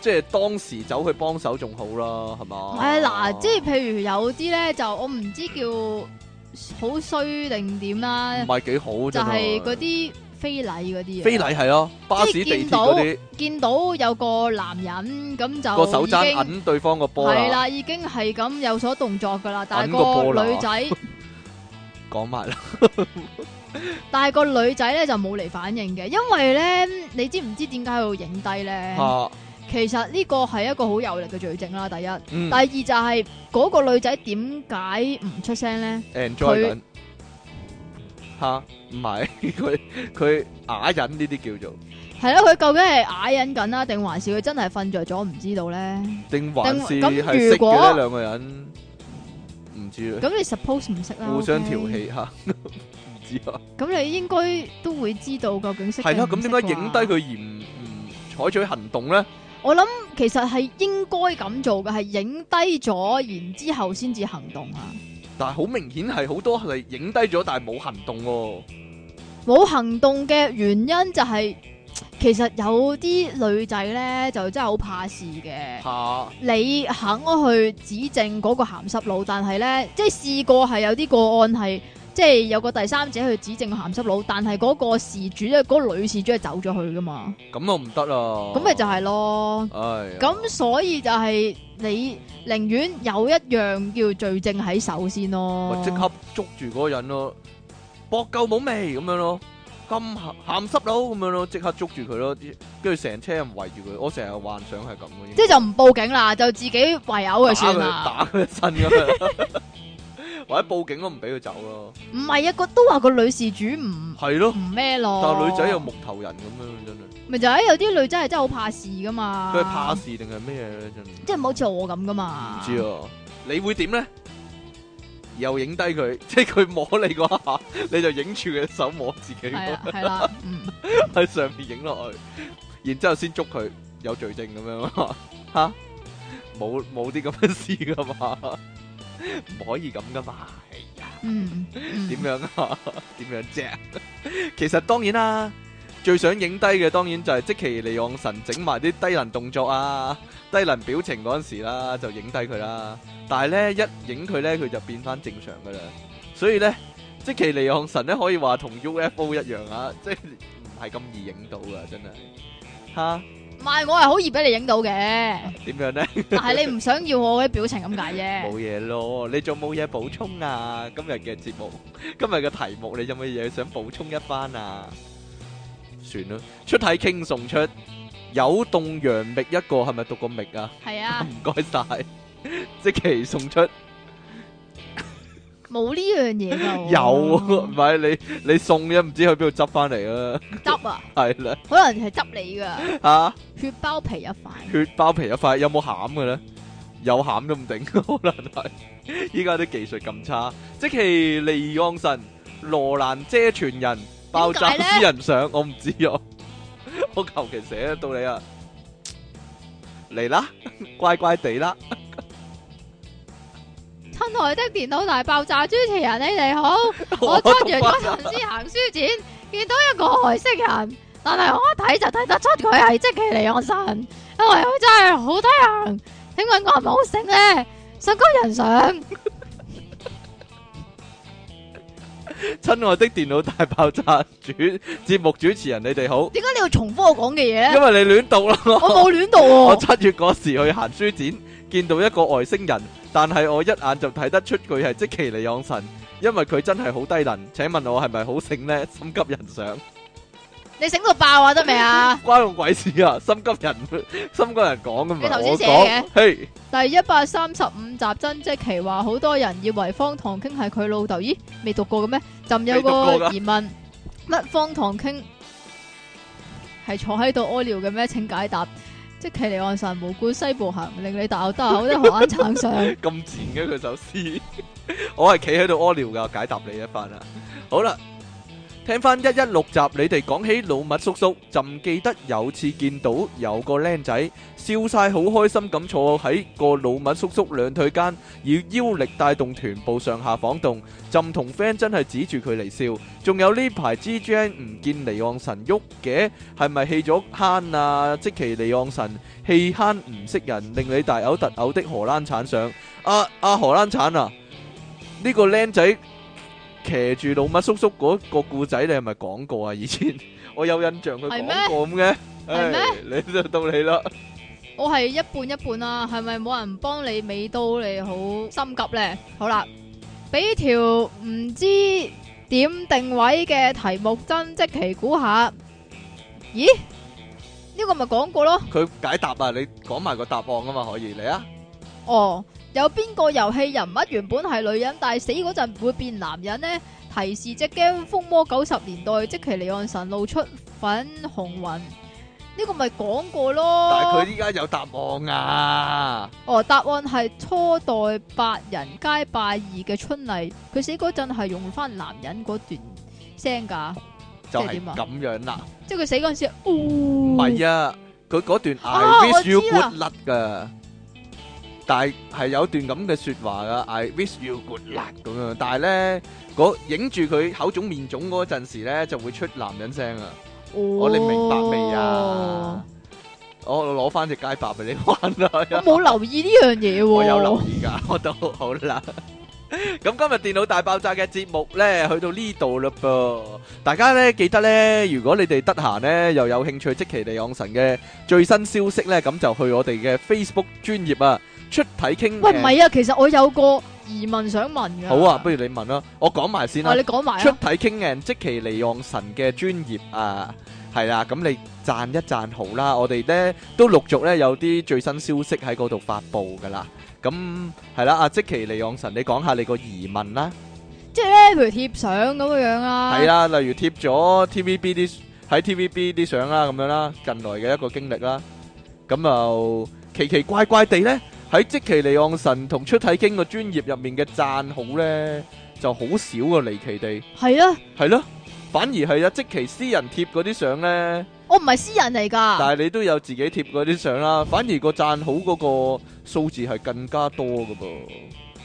即係當時走去幫手仲好啦，係嘛？係啊，嗱，即係譬如有啲咧，就我唔知叫好衰定點啦，唔係幾好，就係嗰啲非禮嗰啲，非禮係咯，巴士地鐵嗰啲，見到有個男人咁就個手揸緊對方個波，係啦，已經係咁有所動作噶啦，但係個女仔。講埋啦，但係個女仔咧就冇嚟，反應嘅，因為咧你知唔知點解喺度影低咧？啊，其實呢個係一個好有力嘅罪證啦。第一，第二就係嗰個女仔點解唔出聲咧？Enjoy，佢吓，唔係佢佢啞忍呢啲叫做係咯？佢究竟係啞忍緊呀，定還是佢真係瞓着咗唔知道咧？定還是如果係識嘅兩個人？唔知啦，咁你 suppose 唔識啊，互相調戲吓，唔知啊。咁你應該都會知道究竟識唔識，係啦，咁點解影低佢而唔採取行動咧？我諗其實係應該咁做嘅，係影低咗，然之後先至行動啊。但係好明顯係好多係影低咗，但係冇行動哦。冇行動嘅原因就係。其實有啲女仔咧就真係好怕事嘅，怕你肯去指證嗰個鹹濕佬，但係咧即係試過係有啲個案係即係有個第三者去指證個鹹濕佬，但係嗰個事主咧嗰，那個女事主係走咗去噶嘛，咁又唔得啦，咁咪就係咯，咁，哎，呀所以就係你寧願有一樣叫罪證喺手先咯，即刻捉住嗰個人咯，搏夠冇味咁樣咯。咁鹹濕佬咁樣咯，即刻捉住佢咯，跟住成車人圍住佢，我成日幻想係咁嘅嘢。即係就唔報警啦，就自己圍毆佢先啦。打佢一身咁樣，或者報警都唔俾佢走咯。唔係啊，個都話個女事主唔係咯，唔咩咯。但係女仔又木頭人咁樣真係。咪就係有啲女仔係真係好怕事噶嘛。佢係怕事定係咩嘢呢？真係即係唔好似我咁噶嘛。唔知啊，你會點咧？又影低佢，即係佢摸你嗰下，你就影住佢手摸自己，係啦，喺上面影落去，然之後先捉佢有罪證咁樣嘛，吓、啊，冇冇啲咁嘅事噶嘛，唔可以咁噶嘛，點 怎樣啊？點 怎樣啫？ 其實當然啦、啊。最想影低嘅，當然就係積淇離岸神整埋啲低能動作啊，低能表情嗰陣時啦，就影低佢啦。但係咧，一影佢咧，佢就變翻正常噶啦。所以咧，積淇離岸神咧可以話同 UFO 一樣啊，即係唔係咁易影到噶真係吓。唔係我係好易俾你影到嘅。點樣咧？但係你唔想要我啲表情咁解啫。冇嘢，咯，你仲冇嘢補充啊？今日嘅節目，今日嘅題目，你有冇嘢想補充一番啊？算啦，出體 king 送出，有凍楊冪一個係咪讀過冪啊？係啊，唔該晒，即係送出，冇呢樣嘢啊！有唔係你你送嘅唔知去邊度執翻嚟啊？執啊，係啦，可能係執你噶吓，血包皮一塊，血包皮一塊，有冇餡嘅咧？有餡都唔頂，可能係依家啲技術咁差，即係積淇離岸神羅蘭姐傳人。爆炸私人相，我唔知哦。我求其寫得到你啊，嚟啦，乖乖地啦。親愛的電腦大爆炸主持人，你哋好。我出完《張子行書展》，見到一個外星人，但係我一睇就睇得出佢係積淇離岸神，因為佢真係好睇人。點解我冇醒咧？想高人相。親愛的電腦大爆炸主節目主持人，你哋好。點解你要重複我講嘅嘢？因為你亂讀咯。我冇亂讀喎、啊。我七月嗰時去行書展，見到一個外星人，但係我一眼就睇得出佢係積淇離岸神，因為佢真係好低能。請問我係咪好醒呢？心急人上。你醒到爆啊，得未啊？關我鬼事啊！心急人，心急人講㗎嘛？你頭先寫嘅，係的嘿 第一百三十五集《真即奇話》，好多人以為方唐卿係佢老豆。咦？未讀過嘅咩？朕有個疑問：乜方唐卿係坐喺度屙尿嘅咩？請解答。積淇離岸神無故西部行，令你大口大口都的眼撐上。咁賤嘅佢首詩，我係企喺度屙尿㗎，解答你一番啦。好啦。聽翻一一六集，你哋講起老麥叔叔，朕記得有次見到有個靚仔笑晒，好開心咁坐喺個老麥叔叔兩腿間，以腰力帶動臀部上下晃動。朕同 friend 真係指住佢嚟笑。仲有呢排 GG 唔見離岸神喐嘅，係咪棄咗坑啊？即其離岸神棄坑唔識人，令你大嘔特嘔的荷蘭鏟上。啊啊，荷蘭鏟啊，呢、這個靚仔。騎住老麥叔叔嗰個故仔，你係咪講過啊？以前我有印象佢講過咁嘅，誒，就到你啦，我係一半一半啊，係咪冇人幫你尾刀，你好心急咧？好啦，俾條唔知點定位嘅題目，真迹奇估下，咦？呢個咪講過咯？佢解答啊，你講埋個答案啊嘛，可以嚟啊？哦。有邊個遊戲人物原本係女人，但係死嗰陣唔會變男人呢？提示隻 game《風魔九十年代》，即其離岸神露出粉紅雲，呢、個咪講過咯。但係佢依家有答案啊！哦，答案係初代八人皆拜二嘅春麗，佢死嗰陣係用翻男人嗰段聲噶，就係點啊？咁樣啦，即係佢死嗰陣時，唔係啊，佢嗰、 哦嗯啊、段 I wish you good luck 噶、啊。但係係有段咁嘅説話噶，I wish you good luck 咁樣，但係咧，影住佢口腫面腫嗰陣時咧，就會出男人聲啊！我、oh, 你明白未啊？Oh, 我攞翻隻街白俾你玩啦！我冇留意呢樣嘢喎，我有留意噶，我都好啦。 咁今日電腦大爆炸嘅節目呢，去到呢度嘞噃，大家呢記得呢，如果你哋得閒呢又有興趣，積淇離岸神嘅最新消息呢，咁就去我哋嘅 Facebook 專頁啊出體 king。喂，唔係啊，其實我有個疑問想問噶。好啊，不如你問啦，我講埋先啦。你講埋。出體 king 嘅人積淇離岸神嘅專頁啊，係啦，咁你讚一讚好啦。我哋呢都陸續呢有啲最新消息喺嗰度發布噶啦。咁係啦，阿積淇離岸神，你講下你個疑問啦。即係咧，譬如貼相咁樣樣啦，係啊，例如貼咗 TVB 啲、喺 TVB 啲相啦，咁樣啦，近來嘅一個經歷啦。咁就奇奇怪怪地，咧，喺積淇離岸神同出體 king 個專業入面嘅讚好咧，就好少個，離奇地。係啊，係啦，反而係啊，積淇私人貼嗰啲相咧。我唔係私人嚟㗎，但係你都有自己貼嗰啲相啦，反而個讚好嗰個數字係更加多嘅噃。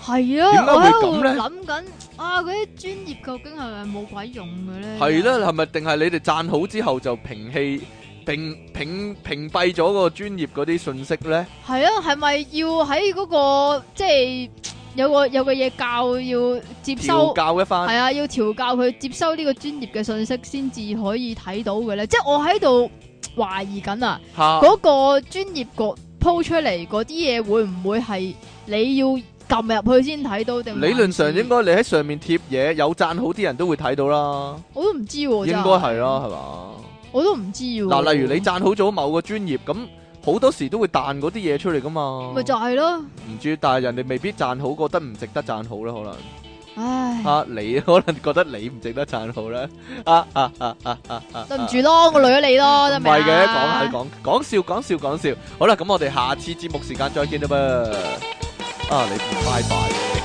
係啊，點解會咁咧？諗緊啊，嗰啲專業究竟係咪冇鬼用嘅咧？係啦、啊，係咪定係你哋讚好之後就屏棄屏屏屏蔽咗個專業嗰啲信息咧？係啊，係咪要喺嗰、嗰個即係？有個有個嘢教要接收教一翻，係啊，要調教佢接收呢個專業嘅信息，先至可以睇到嘅咧。即係我喺度懷疑緊啊，嗰哈個專業個鋪出嚟嗰啲嘢會唔會係你要撳入去先睇到定？理論上應該你喺上面貼嘢，有讚好啲人都會睇到啦。我都唔知喎，應該係啦，係嘛？我都唔知喎。嗱，例如你讚好咗某個專業咁。好多時都會彈嗰啲嘢出嚟噶嘛，咪就係咯，唔知，但係人哋未必讚好，覺得唔值得讚好啦，可能，唉，啊，你可能覺得你唔值得讚好啦，啊啊啊啊啊，對唔住咯，我累咗你咯，真係？唔係嘅，講下講講笑講笑講笑，好啦，咁我哋下次節目時間再見啦噃，啊，你拜拜。